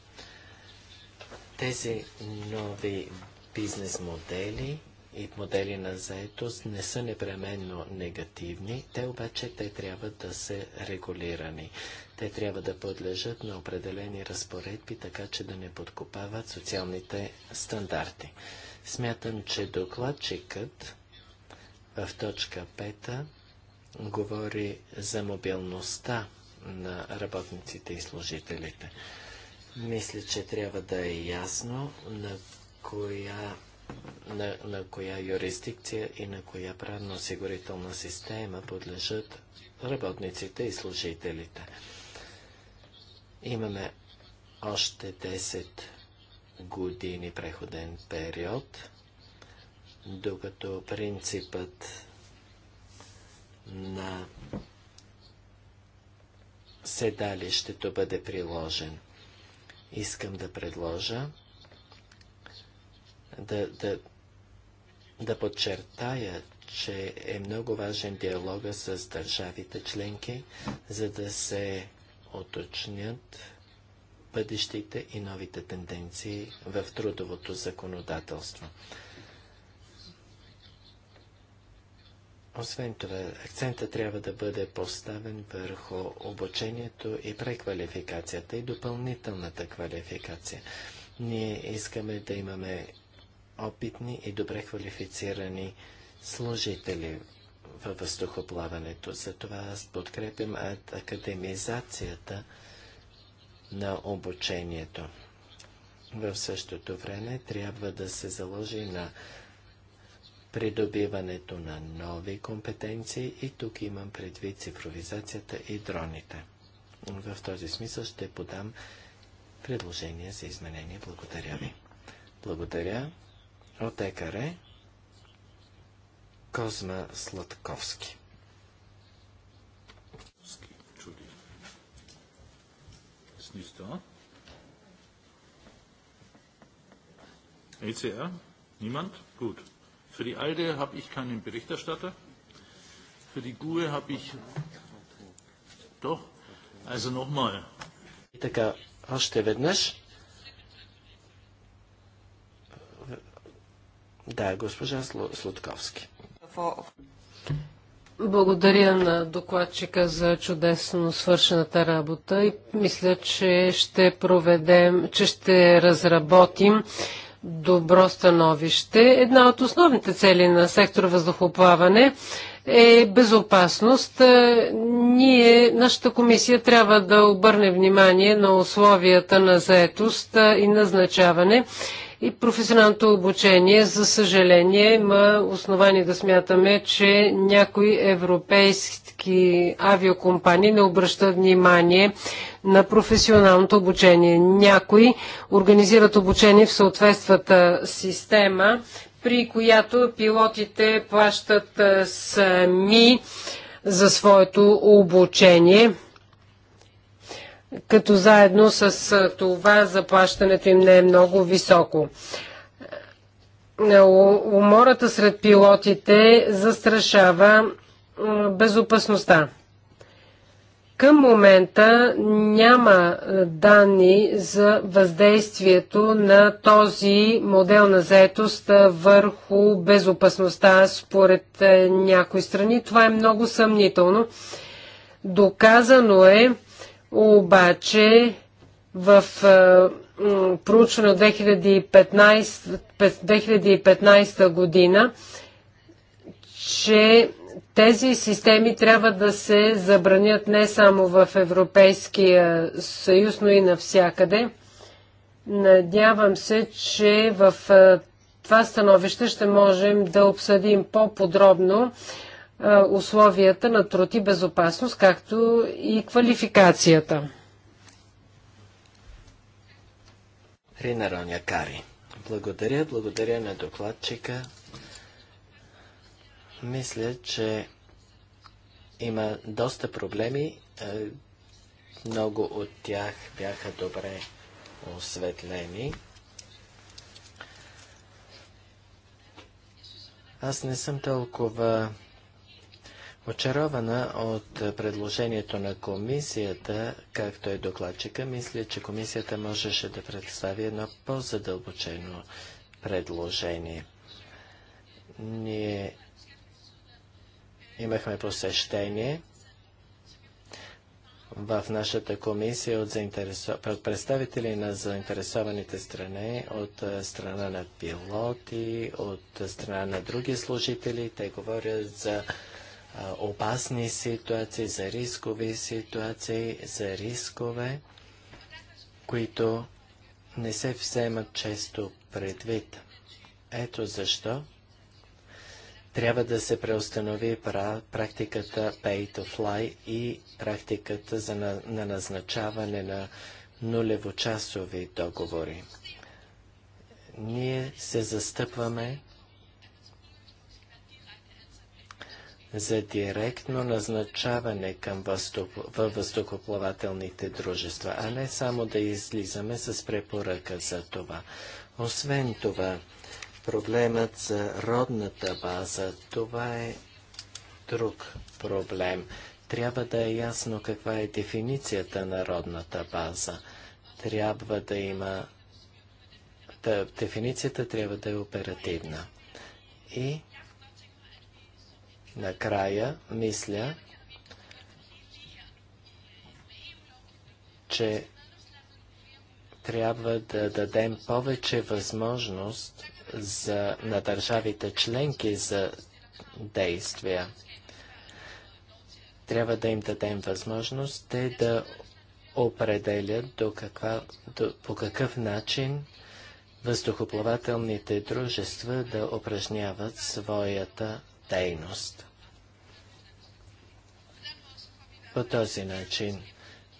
Тези нови бизнес модели и модели на заетост не са непременно негативни, те обаче те трябва да са регулирани. Те трябва да подлежат на определени разпоредби, така че да не подкопават социалните стандарти. Смятам, че докладчикът в точка 5 говори за мобилността на работниците и служителите. Мисля, че трябва да е ясно на коя, на, на коя юрисдикция и на коя правно-осигурителна система подлежат работниците и служителите. Имаме още 10 години преходен период – докато принципът на седалището бъде приложен. Искам да предложа да, да, да подчертая, че е много важен диалога с държавите членки, за да се оточнят бъдещите и новите тенденции в трудовото законодателство. Освен това, акцента трябва да бъде поставен върху обучението и преквалификацията и допълнителната квалификация. Ние искаме да имаме опитни и добре квалифицирани служители във въздухоплаването. Затова аз подкрепям академизацията на обучението. В същото време трябва да се заложи на придобиването на нови компетенции и тук имам предвид цифровизацията и дроните. В този смисъл ще подам предложение за изменение. Благодаря ви. Благодаря. От ЕКАРЕ Козма Сладковски. ECR? Niemand? Gut. Für die ALDE habe ich keinen Berichterstatter. Für die GUE habe ich... Doch? Also nochmal. Така, още веднъж. Да, госпожа Слудковски. Благодаря на докладчика за чудесно свършената работа и мисля, че ще проведем, че ще разработим добро становище. Една от основните цели на сектора въздухоплаване е безопасност. Е, ние, нашата комисия трябва да обърне внимание на условията на заетост е, и назначаване и професионалното обучение, за съжаление, има основание да смятаме, че някои европейски авиокомпании не обръщат внимание на професионалното обучение. Някои организират обучение в съответствата система, при която пилотите плащат сами за своето обучение като заедно с това заплащането им не е много високо. Е, умората сред пилотите застрашава безопасността. Към момента няма данни за въздействието на този модел на заетост върху безопасността според е, някои страни. Това е много съмнително. Доказано е, обаче в е, проучване от 2015, 2015 година, че тези системи трябва да се забранят не само в Европейския съюз, но и навсякъде. Надявам се, че в е, това становище ще можем да обсъдим по-подробно е, условията на труд и безопасност, както и квалификацията. Рина Роня Кари. Благодаря, благодаря на докладчика. Мисля, че има доста проблеми. Е, много от тях бяха добре осветлени. Аз не съм толкова Очарована от предложението на комисията, както е докладчика, мисля, че комисията можеше да представи едно по-задълбочено предложение. Ние имахме посещение в нашата комисия от заинтересо... представители на заинтересованите страни, от страна на пилоти, от страна на други служители. Те говорят за опасни ситуации, за рискови ситуации, за рискове, които не се вземат често предвид. Ето защо трябва да се преустанови практиката pay to fly и практиката за на, на назначаване на нулевочасови договори. Ние се застъпваме за директно назначаване към въздух, във въздухоплавателните дружества, а не само да излизаме с препоръка за това. Освен това, проблемът за родната база, това е друг проблем. Трябва да е ясно каква е дефиницията на родната база. Трябва да има... Да, дефиницията трябва да е оперативна. И Накрая, мисля, че трябва да дадем повече възможност за, на държавите членки за действия. Трябва да им дадем възможност те да определят до каква, до, по какъв начин въздухоплавателните дружества да упражняват своята дейност. По този начин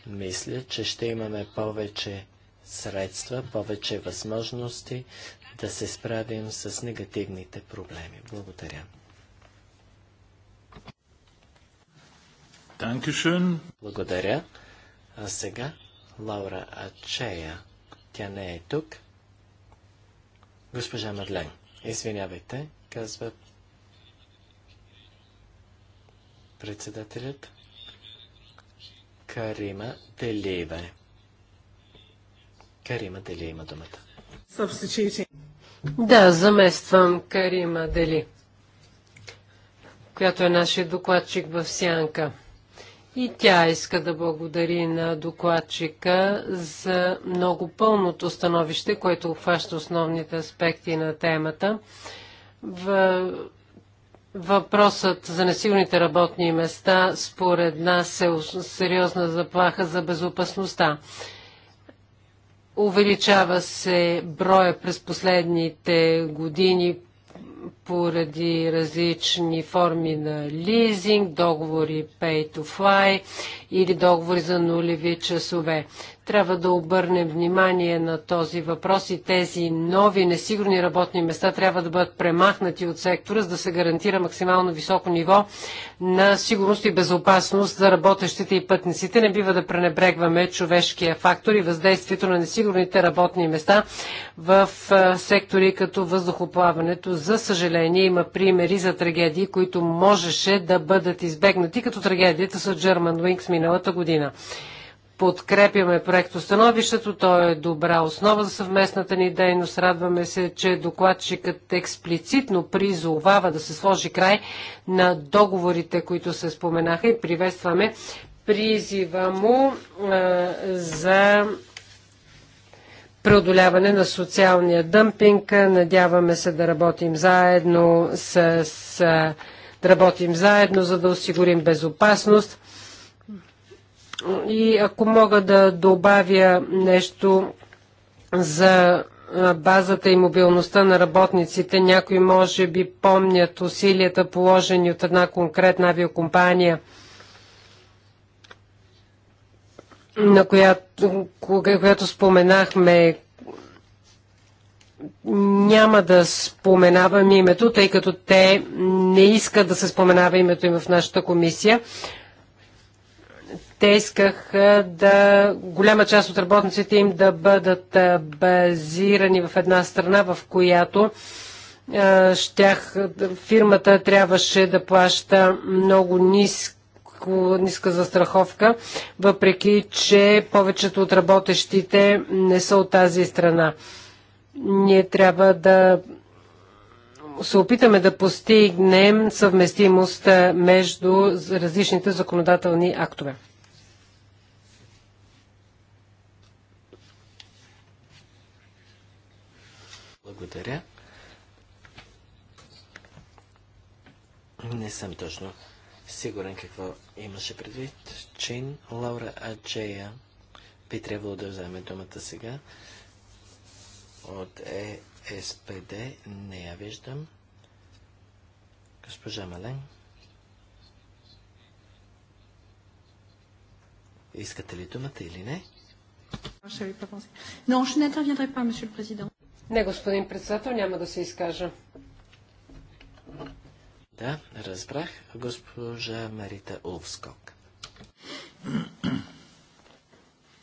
мисля, че ще имаме повече средства, повече възможности да се справим с негативните проблеми. Благодаря. Dankeschön. Благодаря. А сега Лаура Ачея. Тя не е тук. Госпожа Мадлен, извинявайте, казва Председателят Карима Делева. Карима Дели има думата. Да, замествам Карима Дели, която е нашия докладчик в Сянка. И тя иска да благодари на докладчика за много пълното становище, което обхваща основните аспекти на темата. В Въпросът за несигурните работни места според нас е сериозна заплаха за безопасността. Увеличава се броя през последните години поради различни форми на лизинг, договори pay to fly или договори за нулеви часове. Трябва да обърнем внимание на този въпрос и тези нови несигурни работни места трябва да бъдат премахнати от сектора, за да се гарантира максимално високо ниво на сигурност и безопасност за работещите и пътниците. Не бива да пренебрегваме човешкия фактор и въздействието на несигурните работни места в сектори като въздухоплаването. За съжаление, решение. Има примери за трагедии, които можеше да бъдат избегнати, като трагедията с German Wings миналата година. Подкрепяме проектостановището, то е добра основа за съвместната ни дейност. Радваме се, че докладчикът експлицитно призовава да се сложи край на договорите, които се споменаха и приветстваме призива му а, за преодоляване на социалния дъмпинг. Надяваме се да работим заедно с, с да работим заедно, за да осигурим безопасност. И ако мога да добавя нещо за базата и мобилността на работниците, някои може би помнят усилията положени от една конкретна авиокомпания – на която, която споменахме, няма да споменавам името, тъй като те не искат да се споменава името им в нашата комисия. Те искаха да голяма част от работниците им да бъдат базирани в една страна, в която щях, фирмата трябваше да плаща много ниски ниско, ниска застраховка, въпреки че повечето от работещите не са от тази страна. Ние трябва да се опитаме да постигнем съвместимост между различните законодателни актове. Благодаря. Не съм точно сигурен какво имаше предвид. Чин Лаура Аджея би трябвало да вземе думата сега. От е ЕСПД не я виждам. Госпожа Мален. Искате ли думата или не? Не, господин председател, няма да се изкажа. Да, разбрах. Госпожа Марита Овскок.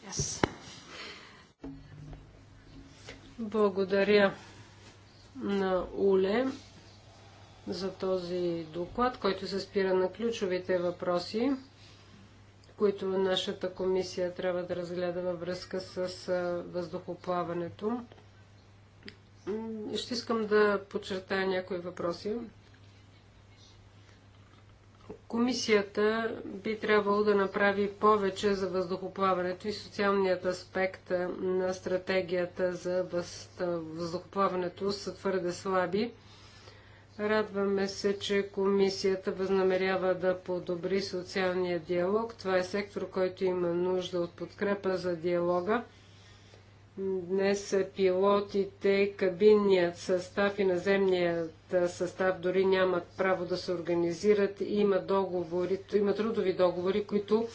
Yes. Благодаря на Уле за този доклад, който се спира на ключовите въпроси, които нашата комисия трябва да разгледа във връзка с въздухоплаването. Ще искам да подчертая някои въпроси. Комисията би трябвало да направи повече за въздухоплаването и социалният аспект на стратегията за въздухоплаването са твърде слаби. Радваме се, че комисията възнамерява да подобри социалния диалог. Това е сектор, който има нужда от подкрепа за диалога Днес пилотите, кабинният състав и наземният състав дори нямат право да се организират. Има, договори, има трудови договори, които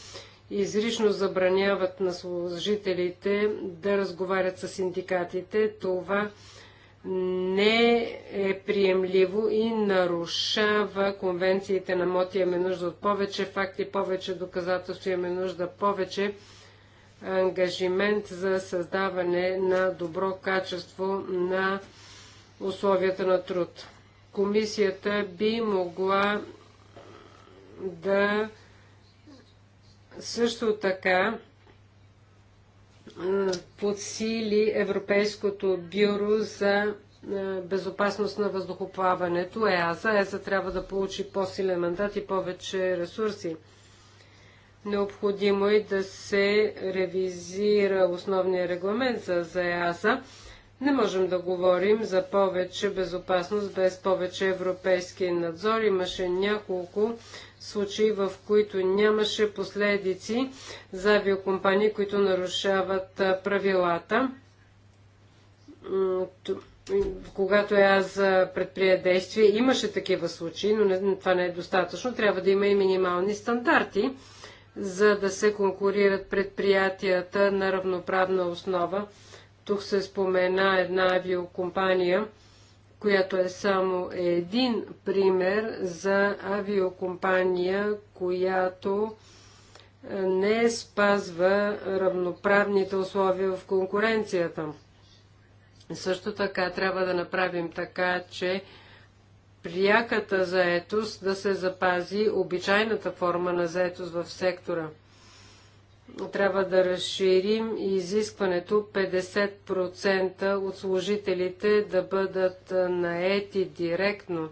изрично забраняват на служителите да разговарят с синдикатите. Това не е приемливо и нарушава конвенциите на МОТИ. Имаме нужда от повече факти, повече доказателства, имаме нужда повече ангажимент за създаване на добро качество на условията на труд. Комисията би могла да също така подсили Европейското бюро за безопасност на въздухоплаването ЕАЗа. ЕАЗа трябва да получи по-силен мандат и повече ресурси. Необходимо е да се ревизира основния регламент за ЗАЯСА. Не можем да говорим за повече безопасност без повече европейски надзор. Имаше няколко случаи, в които нямаше последици за авиокомпании, които нарушават правилата. Когато аз предприя действие, имаше такива случаи, но това не е достатъчно. Трябва да има и минимални стандарти за да се конкурират предприятията на равноправна основа. Тук се спомена една авиокомпания, която е само един пример за авиокомпания, която е, не спазва равноправните условия в конкуренцията. Също така трябва да направим така, че пряката заетост да се запази обичайната форма на заетост в сектора. Трябва да разширим изискването 50% от служителите да бъдат наети директно.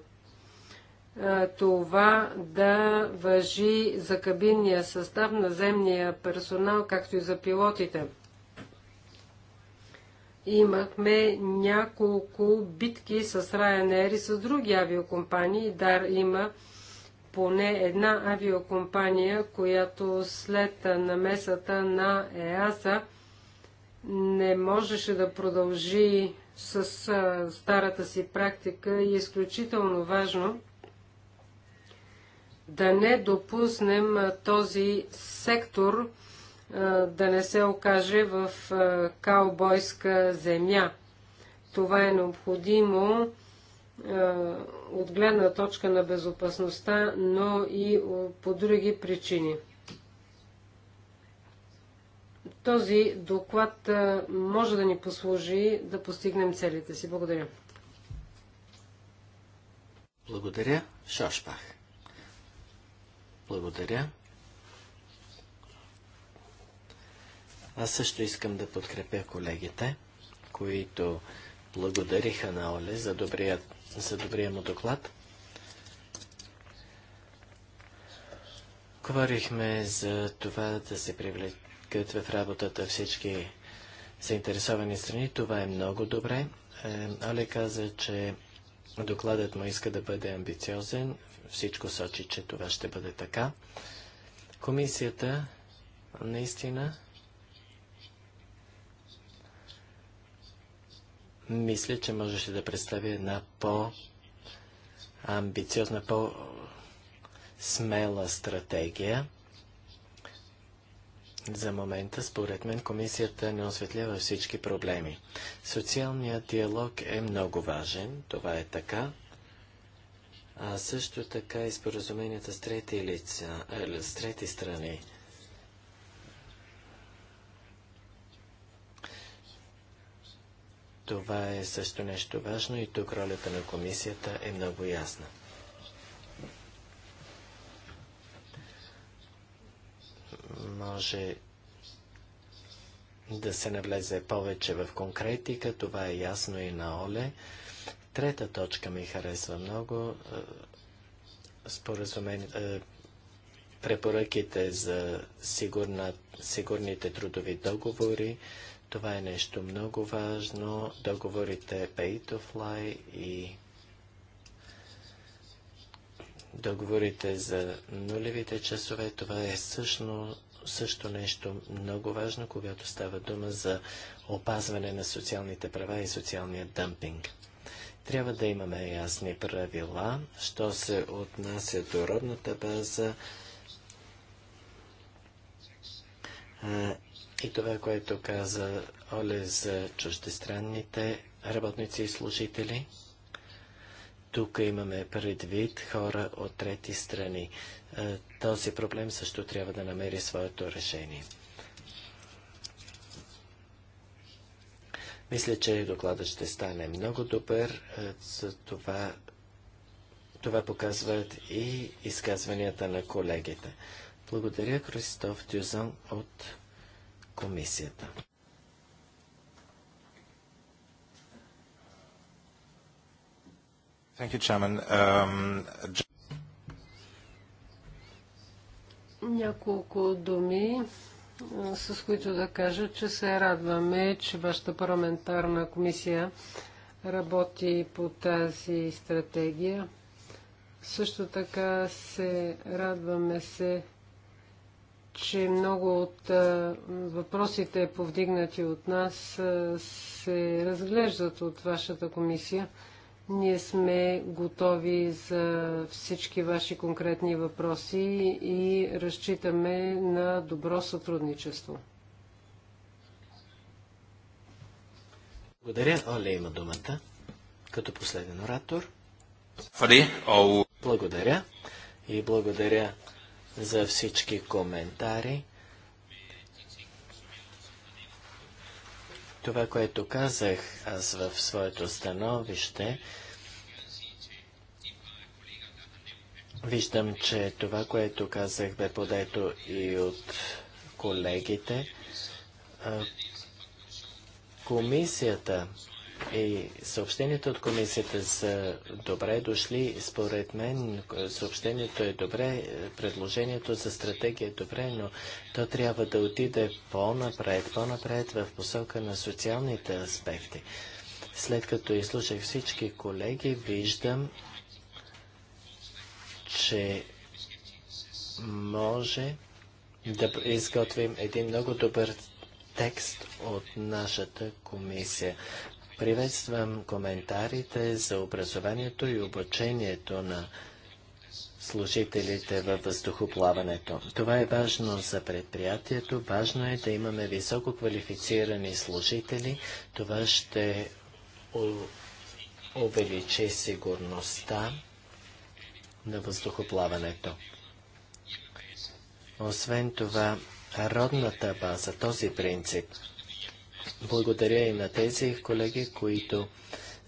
Това да въжи за кабинния състав, наземния персонал, както и за пилотите – имахме няколко битки с Ryanair и с други авиокомпании. Дар има поне една авиокомпания, която след намесата на ЕАСА не можеше да продължи с старата си практика и е изключително важно да не допуснем този сектор да не се окаже в каубойска земя. Това е необходимо от гледна точка на безопасността, но и по други причини. Този доклад може да ни послужи да постигнем целите си. Благодаря. Благодаря, Шашпах. Благодаря. Аз също искам да подкрепя колегите, които благодариха на Оле за добрия, за добрия му доклад. Говорихме за това да се привлекат в работата всички заинтересовани страни. Това е много добре. Е, Оле каза, че докладът му иска да бъде амбициозен. Всичко сочи, че това ще бъде така. Комисията наистина мисля, че можеше да представи една по-амбициозна, по-смела стратегия. За момента, според мен, комисията не осветлява всички проблеми. Социалният диалог е много важен, това е така. А също така и споразуменията с трети лица, е, с трети страни. Това е също нещо важно и тук ролята на комисията е много ясна. Може да се навлезе повече в конкретика, това е ясно и на Оле. Трета точка ми харесва много. Е, споразумен... Е, препоръките за сигурна... сигурните трудови договори. Това е нещо много важно. Договорите Pay to Fly и договорите за нулевите часове, това е също, също нещо много важно, когато става дума за опазване на социалните права и социалния дъмпинг. Трябва да имаме ясни правила, що се отнася до родната база и това, което каза Оле за чуждестранните работници и служители, тук имаме предвид хора от трети страни. Е, този проблем също трябва да намери своето решение. Мисля, че докладът ще стане много добър. Е, за това, това показват и изказванията на колегите. Благодаря, Кристоф Тюзан от комисията. Um, Няколко думи, с които да кажа, че се радваме, че вашата парламентарна комисия работи по тази стратегия. Също така се радваме се, че много от а, въпросите, повдигнати от нас, а, се разглеждат от вашата комисия. Ние сме готови за всички ваши конкретни въпроси и разчитаме на добро сътрудничество. Благодаря. Оле има думата като последен оратор. Благодаря и благодаря за всички коментари. Това, което казах аз в своето становище, виждам, че това, което казах, бе подето и от колегите. Комисията и съобщението от комисията са добре дошли, според мен съобщението е добре, предложението за стратегия е добре, но то трябва да отиде по-напред, по-напред в посока на социалните аспекти. След като изслушах всички колеги, виждам, че може да изготвим един много добър текст от нашата комисия. Приветствам коментарите за образованието и обучението на служителите във въздухоплаването. Това е важно за предприятието. Важно е да имаме високо квалифицирани служители. Това ще увеличи сигурността на въздухоплаването. Освен това, родната база, този принцип – благодаря и на тези колеги, които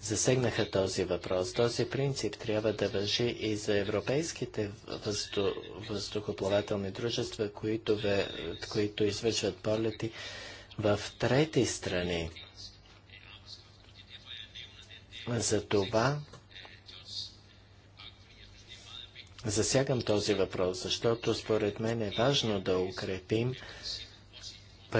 засегнаха този въпрос. Този принцип трябва да въжи и за европейските въздух, въздухоплавателни дружества, които, ве, които извършват полети в трети страни. За това засягам този въпрос, защото според мен е важно да укрепим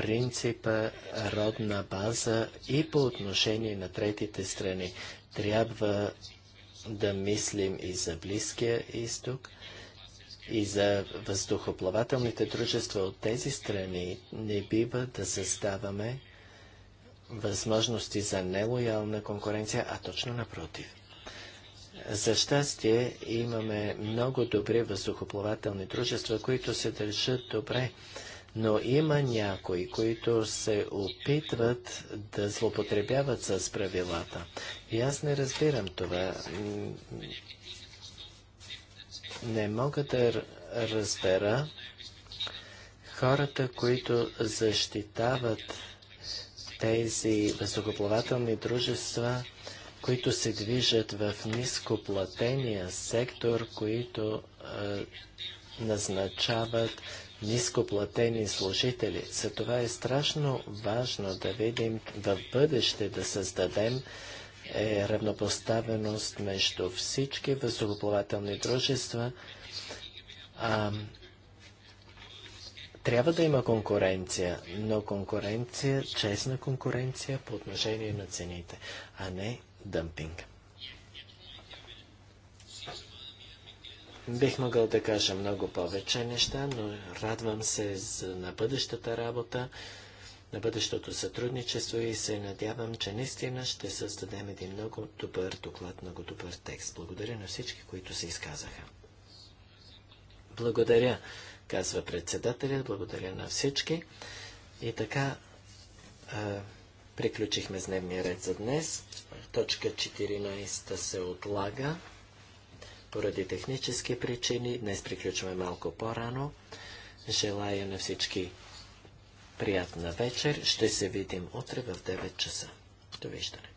принципа родна база и по отношение на третите страни. Трябва да мислим и за Близкия изток, и за въздухоплавателните дружества от тези страни. Не бива да създаваме възможности за нелоялна конкуренция, а точно напротив. За щастие имаме много добри въздухоплавателни дружества, които се държат добре но има някои, които се опитват да злоупотребяват с правилата. И аз не разбирам това. Не мога да разбера хората, които защитават тези въздухоплавателни дружества, които се движат в нископлатения сектор, които е, назначават нископлатени служители. Затова е страшно важно да видим в бъдеще да създадем е равнопоставеност между всички въздухоплавателни дружества. А, трябва да има конкуренция, но конкуренция, честна конкуренция по отношение на цените, а не дъмпинг. Бих могъл да кажа много повече неща, но радвам се на бъдещата работа, на бъдещото сътрудничество и се надявам, че наистина ще създадем един много добър доклад, много добър текст. Благодаря на всички, които се изказаха. Благодаря, казва председателят, благодаря на всички. И така, а, приключихме с дневния ред за днес. Точка 14 се отлага поради технически причини. Днес приключваме малко по-рано. Желая на всички приятна вечер. Ще се видим утре в 9 часа. Довиждане.